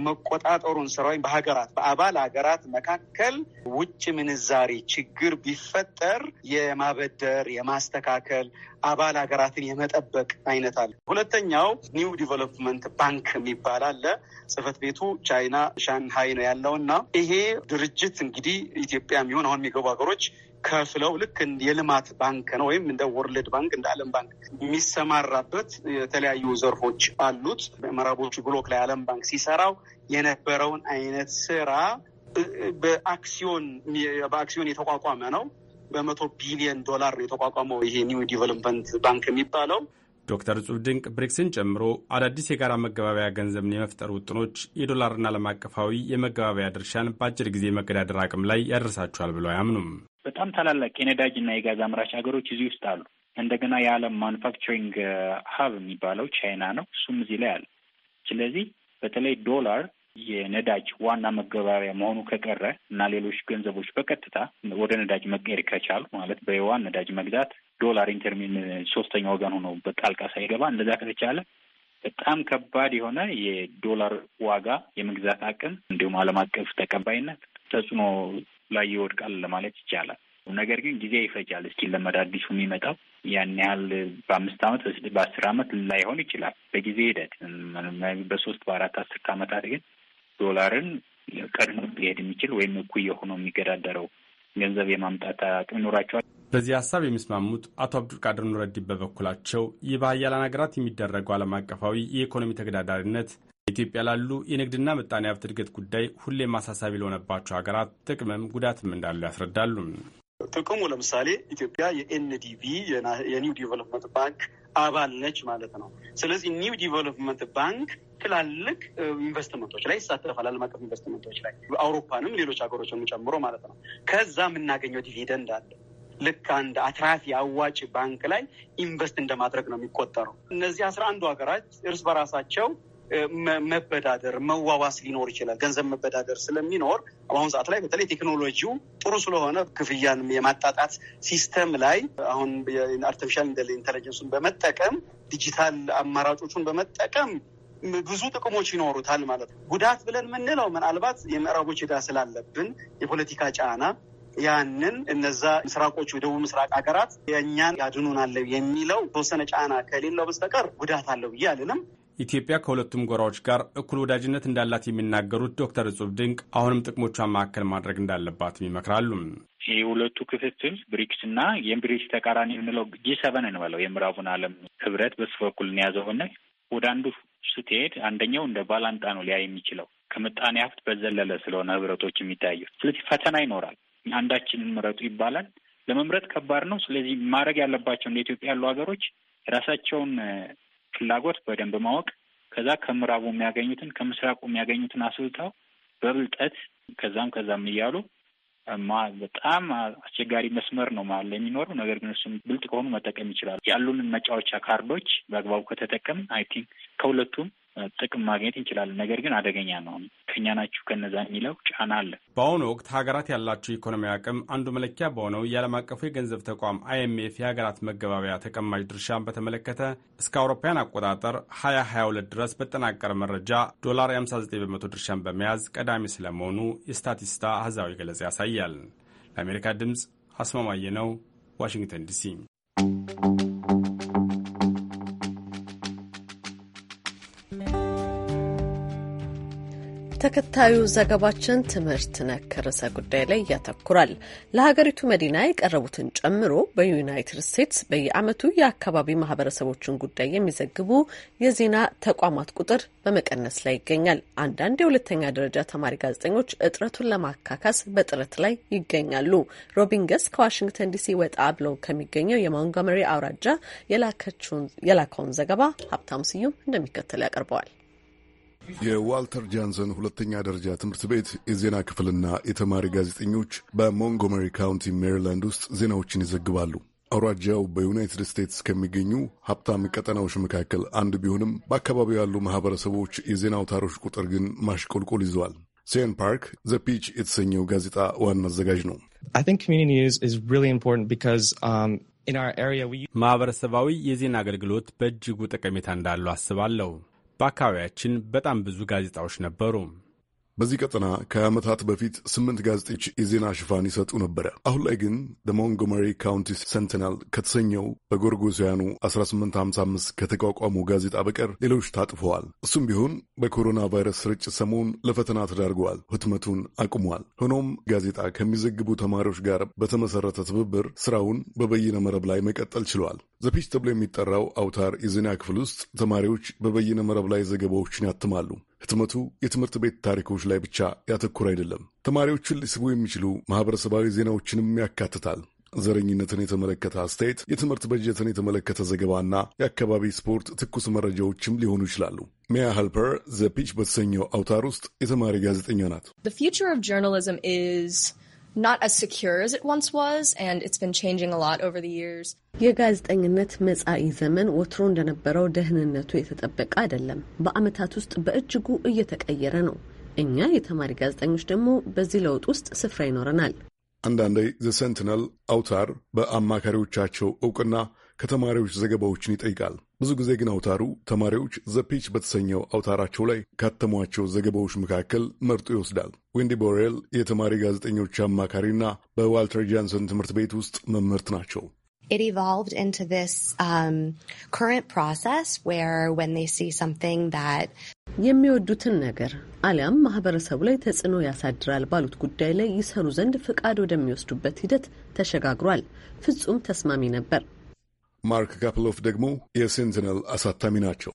መቆጣጠሩን ስራ ወይም በሀገራት በአባል ሀገራት መካከል ውጭ ምንዛሬ ችግር ቢፈጠር የማበደር የማስተካከል አባል ሀገራትን የመጠበቅ አይነት አለ። ሁለተኛው ኒው ዲቨሎፕመንት ባንክ የሚባል አለ። ጽህፈት ቤቱ ቻይና ሻንሃይ ነው ያለው እና ይሄ ድርጅት እንግዲህ ኢትዮጵያ የሚሆን አሁን የሚገቡ ሀገሮች ከፍለው ልክ የልማት ባንክ ነው ወይም እንደ ወርልድ ባንክ እንደ ዓለም ባንክ የሚሰማራበት የተለያዩ ዘርፎች አሉት። ምዕራቦቹ ብሎክ ላይ ዓለም ባንክ ሲሰራው የነበረውን አይነት ስራ በአክሲዮን በአክሲዮን የተቋቋመ ነው። በመቶ ቢሊዮን ዶላር ነው የተቋቋመው ይሄ ኒው ዲቨሎፕመንት ባንክ የሚባለው። ዶክተር ጹብ ድንቅ ብሪክስን ጨምሮ አዳዲስ የጋራ መገባበያ ገንዘብን የመፍጠር ውጥኖች የዶላርና ዓለም አቀፋዊ የመገባበያ ድርሻን በአጭር ጊዜ መገዳደር አቅም ላይ ያደርሳችኋል ብለው አያምኑም። በጣም ታላላቅ የነዳጅ እና የጋዝ አምራች ሀገሮች እዚህ ውስጥ አሉ። እንደገና የዓለም ማኑፋክቸሪንግ ሀብ የሚባለው ቻይና ነው። እሱም እዚህ ላይ አለ። ስለዚህ በተለይ ዶላር የነዳጅ ዋና መገበያያ መሆኑ ከቀረ እና ሌሎች ገንዘቦች በቀጥታ ወደ ነዳጅ መቀየር ከቻሉ ማለት በየዋን ነዳጅ መግዛት ዶላር ኢንተርሚን ሶስተኛ ወገን ሆኖ በጣልቃ ሳይገባ እንደዛ ከተቻለ በጣም ከባድ የሆነ የዶላር ዋጋ የመግዛት አቅም እንዲሁም ዓለም አቀፍ ተቀባይነት ተጽዕኖ ላይ ይወድቃል ለማለት ይቻላል። ነገር ግን ጊዜ ይፈጃል። እስኪ ለመድ አዲሱ የሚመጣው ያን ያህል በአምስት አመት በአስር አመት ላይሆን ይችላል። በጊዜ ሂደት በሶስት በአራት አስር ዓመታት ግን ዶላርን ቀድሞ ሊሄድ የሚችል ወይም እኩይ የሆነው የሚገዳደረው ገንዘብ የማምጣት አቅም ይኖራቸዋል። በዚህ ሀሳብ የሚስማሙት አቶ አብዱልቃድር ኑረዲ በበኩላቸው ይህ በሀያላን ሀገራት የሚደረገው ዓለም አቀፋዊ የኢኮኖሚ ተገዳዳሪነት ኢትዮጵያ ላሉ የንግድና ምጣኔ ሀብት እድገት ጉዳይ ሁሌም አሳሳቢ ለሆነባቸው ሀገራት ጥቅምም ጉዳትም እንዳሉ ያስረዳሉ። ጥቅሙ ለምሳሌ ኢትዮጵያ የኤንዲቢ የኒው ዲቨሎፕመንት ባንክ አባል ነች ማለት ነው። ስለዚህ ኒው ዲቨሎፕመንት ባንክ ትላልቅ ኢንቨስትመንቶች ላይ ይሳተፋል። ዓለም አቀፍ ኢንቨስትመንቶች ላይ አውሮፓንም ሌሎች ሀገሮችን ጨምሮ ማለት ነው። ከዛ የምናገኘው ዲቪደንድ አለ። ልክ አንድ አትራፊ አዋጭ ባንክ ላይ ኢንቨስት እንደማድረግ ነው የሚቆጠረው። እነዚህ አስራ አንዱ ሀገራት እርስ በራሳቸው መበዳደር መዋዋስ ሊኖር ይችላል። ገንዘብ መበዳደር ስለሚኖር በአሁን ሰዓት ላይ በተለይ ቴክኖሎጂው ጥሩ ስለሆነ ክፍያን የማጣጣት ሲስተም ላይ አሁን አርቲፊሻል ኢንቴሊጀንሱን በመጠቀም ዲጂታል አማራጮቹን በመጠቀም ብዙ ጥቅሞች ይኖሩታል ማለት ነው። ጉዳት ብለን የምንለው ምናልባት የምዕራቦች ዕዳ ስላለብን የፖለቲካ ጫና ያንን እነዛ ምስራቆቹ የደቡብ ምስራቅ ሀገራት የእኛን ያድኑናል የሚለው ተወሰነ ጫና ከሌለው በስተቀር ጉዳት አለው ብዬ አልልም። ኢትዮጵያ ከሁለቱም ጎራዎች ጋር እኩል ወዳጅነት እንዳላት የሚናገሩት ዶክተር እጹብ ድንቅ አሁንም ጥቅሞቿን ማዕከል ማድረግ እንዳለባትም ይመክራሉ። የሁለቱ ክፍትል ብሪክስ እና የብሪክስ ተቃራኒ የምንለው ጂ ሰቨን እንበለው የምዕራቡን ዓለም ህብረት በሱ በኩል እንያዘው ብንል ወደ አንዱ ስትሄድ አንደኛው እንደ ባላንጣ ነው ሊያ የሚችለው ከምጣኔ ሀብት በዘለለ ስለሆነ ህብረቶች የሚታዩት። ስለዚህ ፈተና ይኖራል። አንዳችንን ምረጡ ይባላል። ለመምረጥ ከባድ ነው። ስለዚህ ማድረግ ያለባቸው እንደ ኢትዮጵያ ያሉ ሀገሮች የራሳቸውን ፍላጎት በደንብ ማወቅ ከዛ ከምዕራቡ የሚያገኙትን ከምስራቁ የሚያገኙትን አስልተው በብልጠት ከዛም ከዛም እያሉ በጣም አስቸጋሪ መስመር ነው መሀል የሚኖረው። ነገር ግን እሱም ብልጥ ከሆኑ መጠቀም ይችላሉ። ያሉንን መጫወቻ ካርዶች በአግባቡ ከተጠቀምን አይ ቲንክ ከሁለቱም ጥቅም ማግኘት እንችላለን። ነገር ግን አደገኛ ነው። ከኛ ናችሁ ከነዛ የሚለው ጫና አለ። በአሁኑ ወቅት ሀገራት ያላቸው የኢኮኖሚ አቅም አንዱ መለኪያ በሆነው የዓለም አቀፉ የገንዘብ ተቋም አይኤምኤፍ የሀገራት መገባበያ ተቀማጭ ድርሻን በተመለከተ እስከ አውሮፓውያን አቆጣጠር ሀያ ሀያ ሁለት ድረስ በጠናቀረ መረጃ ዶላር የሀምሳ ዘጠኝ በመቶ ድርሻን በመያዝ ቀዳሚ ስለመሆኑ የስታቲስታ አህዛዊ ገለጻ ያሳያል። ለአሜሪካ ድምፅ አስማማየ ነው፣ ዋሽንግተን ዲሲ ተከታዩ ዘገባችን ትምህርት ነክ ርዕሰ ጉዳይ ላይ ያተኩራል። ለሀገሪቱ መዲና የቀረቡትን ጨምሮ በዩናይትድ ስቴትስ በየዓመቱ የአካባቢ ማህበረሰቦችን ጉዳይ የሚዘግቡ የዜና ተቋማት ቁጥር በመቀነስ ላይ ይገኛል። አንዳንድ የሁለተኛ ደረጃ ተማሪ ጋዜጠኞች እጥረቱን ለማካካስ በጥረት ላይ ይገኛሉ። ሮቢንገስ ከዋሽንግተን ዲሲ ወጣ ብለው ከሚገኘው የሞንጎመሪ አውራጃ የላከውን ዘገባ ሀብታሙ ስዩም እንደሚከተል ያቀርበዋል። የዋልተር ጃንሰን ሁለተኛ ደረጃ ትምህርት ቤት የዜና ክፍልና የተማሪ ጋዜጠኞች በሞንጎመሪ ካውንቲ ሜሪላንድ ውስጥ ዜናዎችን ይዘግባሉ። አውራጃው በዩናይትድ ስቴትስ ከሚገኙ ሀብታም ቀጠናዎች መካከል አንድ ቢሆንም በአካባቢው ያሉ ማህበረሰቦች የዜና አውታሮች ቁጥር ግን ማሽቆልቆል ይዘዋል። ሴን ፓርክ ዘ ፒች የተሰኘው ጋዜጣ ዋና አዘጋጅ ነው። um, ማህበረሰባዊ የዜና አገልግሎት በእጅጉ ጠቀሜታ እንዳለው አስባለሁ። በአካባቢያችን በጣም ብዙ ጋዜጣዎች ነበሩ። በዚህ ቀጠና ከዓመታት በፊት ስምንት ጋዜጦች የዜና ሽፋን ይሰጡ ነበረ። አሁን ላይ ግን ሞንጎመሪ ካውንቲ ሰንቲናል ከተሰኘው በጎርጎሲያኑ 1855 ከተቋቋመው ጋዜጣ በቀር ሌሎች ታጥፈዋል። እሱም ቢሆን በኮሮና ቫይረስ ስርጭት ሰሞን ለፈተና ተዳርገዋል፣ ህትመቱን አቁሟል። ሆኖም ጋዜጣ ከሚዘግቡ ተማሪዎች ጋር በተመሰረተ ትብብር ስራውን በበይነ መረብ ላይ መቀጠል ችሏል። ዘፒች ተብሎ የሚጠራው አውታር የዜና ክፍል ውስጥ ተማሪዎች በበይነ መረብ ላይ ዘገባዎችን ያትማሉ። ህትመቱ የትምህርት ቤት ታሪኮች ላይ ብቻ ያተኩር አይደለም። ተማሪዎችን ሊስቡ የሚችሉ ማህበረሰባዊ ዜናዎችንም ያካትታል። ዘረኝነትን የተመለከተ አስተያየት፣ የትምህርት በጀትን የተመለከተ ዘገባና የአካባቢ ስፖርት ትኩስ መረጃዎችም ሊሆኑ ይችላሉ። ሚያ ሃልፐር ዘፒች በተሰኘው አውታር ውስጥ የተማሪ ጋዜጠኛ ናት። not as secure as it once was, and it's been changing a lot over the years. የጋዜጠኝነት መጻኢ ዘመን ወትሮ እንደነበረው ደህንነቱ የተጠበቀ አይደለም። በዓመታት ውስጥ በእጅጉ እየተቀየረ ነው። እኛ የተማሪ ጋዜጠኞች ደግሞ በዚህ ለውጥ ውስጥ ስፍራ ይኖረናል። አንዳንዴ ዘ ሰንቲነል አውታር በአማካሪዎቻቸው እውቅና ከተማሪዎች ዘገባዎችን ይጠይቃል። ብዙ ጊዜ ግን አውታሩ ተማሪዎች ዘፔች በተሰኘው አውታራቸው ላይ ካተሟቸው ዘገባዎች መካከል መርጦ ይወስዳል። ዌንዲ ቦሬል የተማሪ ጋዜጠኞች አማካሪና በዋልተር ጃንሰን ትምህርት ቤት ውስጥ መምህርት ናቸው። It evolved into this um, current process where when they see something that የሚወዱትን ነገር አሊያም ማህበረሰቡ ላይ ተጽዕኖ ያሳድራል ባሉት ጉዳይ ላይ ይሰሩ ዘንድ ፍቃድ ወደሚወስዱበት ሂደት ተሸጋግሯል። ፍጹም ተስማሚ ነበር። ማርክ ካፕሎፍ ደግሞ የሴንቲነል አሳታሚ ናቸው።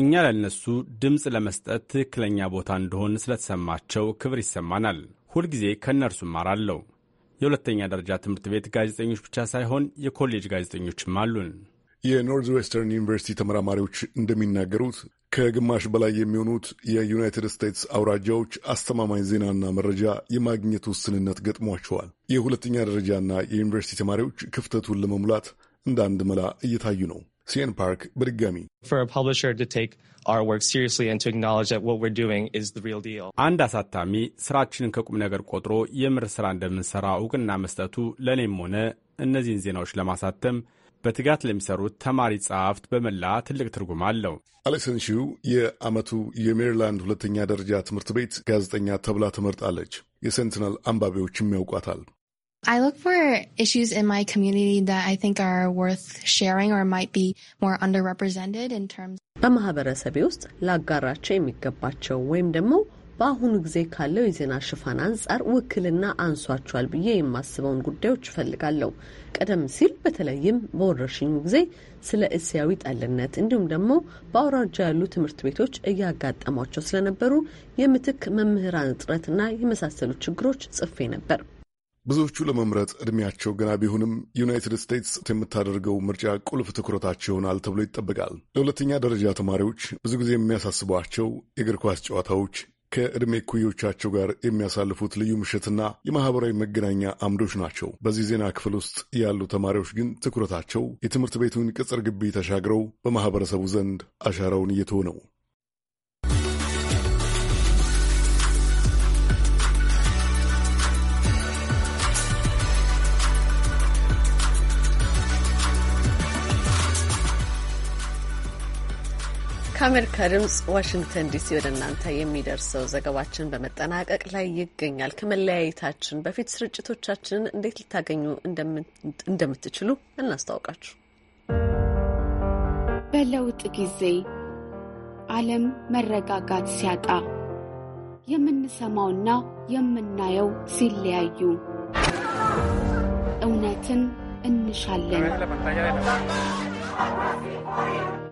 እኛ ለነሱ ድምፅ ለመስጠት ትክክለኛ ቦታ እንደሆን ስለተሰማቸው ክብር ይሰማናል። ሁልጊዜ ከእነርሱ እማራለሁ። የሁለተኛ ደረጃ ትምህርት ቤት ጋዜጠኞች ብቻ ሳይሆን የኮሌጅ ጋዜጠኞችም አሉን። የኖርዝ ዌስተርን ዩኒቨርሲቲ ተመራማሪዎች እንደሚናገሩት ከግማሽ በላይ የሚሆኑት የዩናይትድ ስቴትስ አውራጃዎች አስተማማኝ ዜናና መረጃ የማግኘት ውስንነት ገጥሟቸዋል። የሁለተኛ ደረጃና የዩኒቨርሲቲ ተማሪዎች ክፍተቱን ለመሙላት እንደ አንድ መላ እየታዩ ነው። ሲኤን ፓርክ በድጋሚ አንድ አሳታሚ ስራችንን ከቁም ነገር ቆጥሮ የምር ስራ እንደምንሰራ እውቅና መስጠቱ ለእኔም ሆነ እነዚህን ዜናዎች ለማሳተም በትጋት ለሚሰሩት ተማሪ ጸሐፍት በመላ ትልቅ ትርጉም አለው። አሌክሰን ሺው የዓመቱ የሜሪላንድ ሁለተኛ ደረጃ ትምህርት ቤት ጋዜጠኛ ተብላ ትመርጣለች። የሴንቲነል አንባቢዎችም ያውቋታል። በማህበረሰቤ ውስጥ ላጋራቸው የሚገባቸው ወይም ደግሞ በአሁኑ ጊዜ ካለው የዜና ሽፋን አንጻር ውክልና አንሷቸዋል ብዬ የማስበውን ጉዳዮች እፈልጋለሁ። ቀደም ሲል በተለይም በወረርሽኙ ጊዜ ስለ እስያዊ ጠልነት እንዲሁም ደግሞ በአውራጃ ያሉ ትምህርት ቤቶች እያጋጠሟቸው ስለነበሩ የምትክ መምህራን እጥረትና የመሳሰሉ ችግሮች ጽፌ ነበር። ብዙዎቹ ለመምረጥ እድሜያቸው ገና ቢሆንም ዩናይትድ ስቴትስ የምታደርገው ምርጫ ቁልፍ ትኩረታቸው ይሆናል ተብሎ ይጠበቃል። ለሁለተኛ ደረጃ ተማሪዎች ብዙ ጊዜ የሚያሳስቧቸው የእግር ኳስ ጨዋታዎች ከዕድሜ ኩዮቻቸው ጋር የሚያሳልፉት ልዩ ምሽትና የማህበራዊ መገናኛ አምዶች ናቸው። በዚህ ዜና ክፍል ውስጥ ያሉ ተማሪዎች ግን ትኩረታቸው የትምህርት ቤቱን ቅጽር ግቢ ተሻግረው በማህበረሰቡ ዘንድ አሻራውን እየተው ነው። ከአሜሪካ ድምፅ ዋሽንግተን ዲሲ ወደ እናንተ የሚደርሰው ዘገባችን በመጠናቀቅ ላይ ይገኛል። ከመለያየታችን በፊት ስርጭቶቻችንን እንዴት ልታገኙ እንደምትችሉ እናስታውቃችሁ። በለውጥ ጊዜ ዓለም መረጋጋት ሲያጣ የምንሰማውና የምናየው ሲለያዩ እውነትን እንሻለን።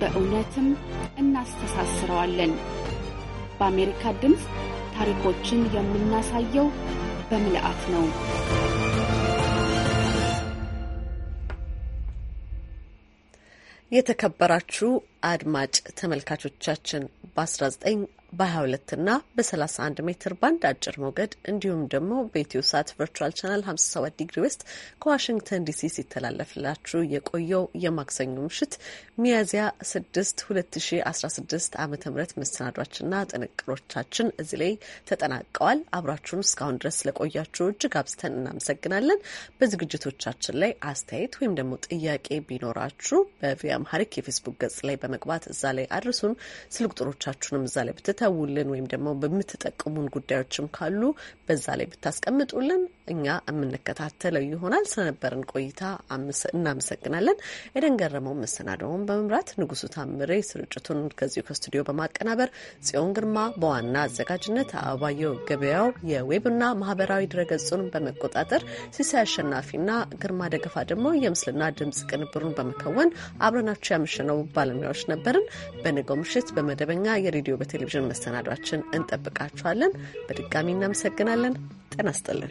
በእውነትም እናስተሳስረዋለን። በአሜሪካ ድምፅ ታሪኮችን የምናሳየው በምልአት ነው። የተከበራችሁ አድማጭ ተመልካቾቻችን በ19 በ22 እና በ31 ሜትር ባንድ አጭር ሞገድ እንዲሁም ደግሞ በኢትዮ ሳት ቨርቹዋል ቻናል 57 ዲግሪ ውስጥ ከዋሽንግተን ዲሲ ሲተላለፍላችሁ የቆየው የማክሰኞ ምሽት ሚያዝያ 6 2016 ዓ ም መሰናዷችንና ጥንቅሮቻችን እዚህ ላይ ተጠናቀዋል። አብራችሁን እስካሁን ድረስ ስለቆያችሁ እጅግ አብዝተን እናመሰግናለን። በዝግጅቶቻችን ላይ አስተያየት ወይም ደግሞ ጥያቄ ቢኖራችሁ በቪያም ሀሪክ የፌስቡክ ገጽ ላይ በመግባት እዛ ላይ አድርሱን። ስልክ ቁጥሮቻችሁንም እዛ ላይ ብትት ብትተውልን ወይም ደግሞ በምትጠቅሙን ጉዳዮችም ካሉ በዛ ላይ ብታስቀምጡልን እኛ የምንከታተለው ይሆናል። ስለነበረን ቆይታ እናመሰግናለን። ኤደን ገረመው መሰናደውን በመምራት ንጉሱ ታምሬ ስርጭቱን ከዚሁ ከስቱዲዮ በማቀናበር ጽዮን ግርማ በዋና አዘጋጅነት አበባየው ገበያው የዌብና ማህበራዊ ድረገጹን በመቆጣጠር ሲሳይ አሸናፊና ግርማ ደገፋ ደግሞ የምስልና ድምጽ ቅንብሩን በመከወን አብረናቸው ያመሸነው ባለሙያዎች ነበርን። በነገው ምሽት በመደበኛ የሬዲዮ በቴሌቪዥን መሰናዷችን እንጠብቃችኋለን። በድጋሚ እናመሰግናለን። ጤና ይስጥልን።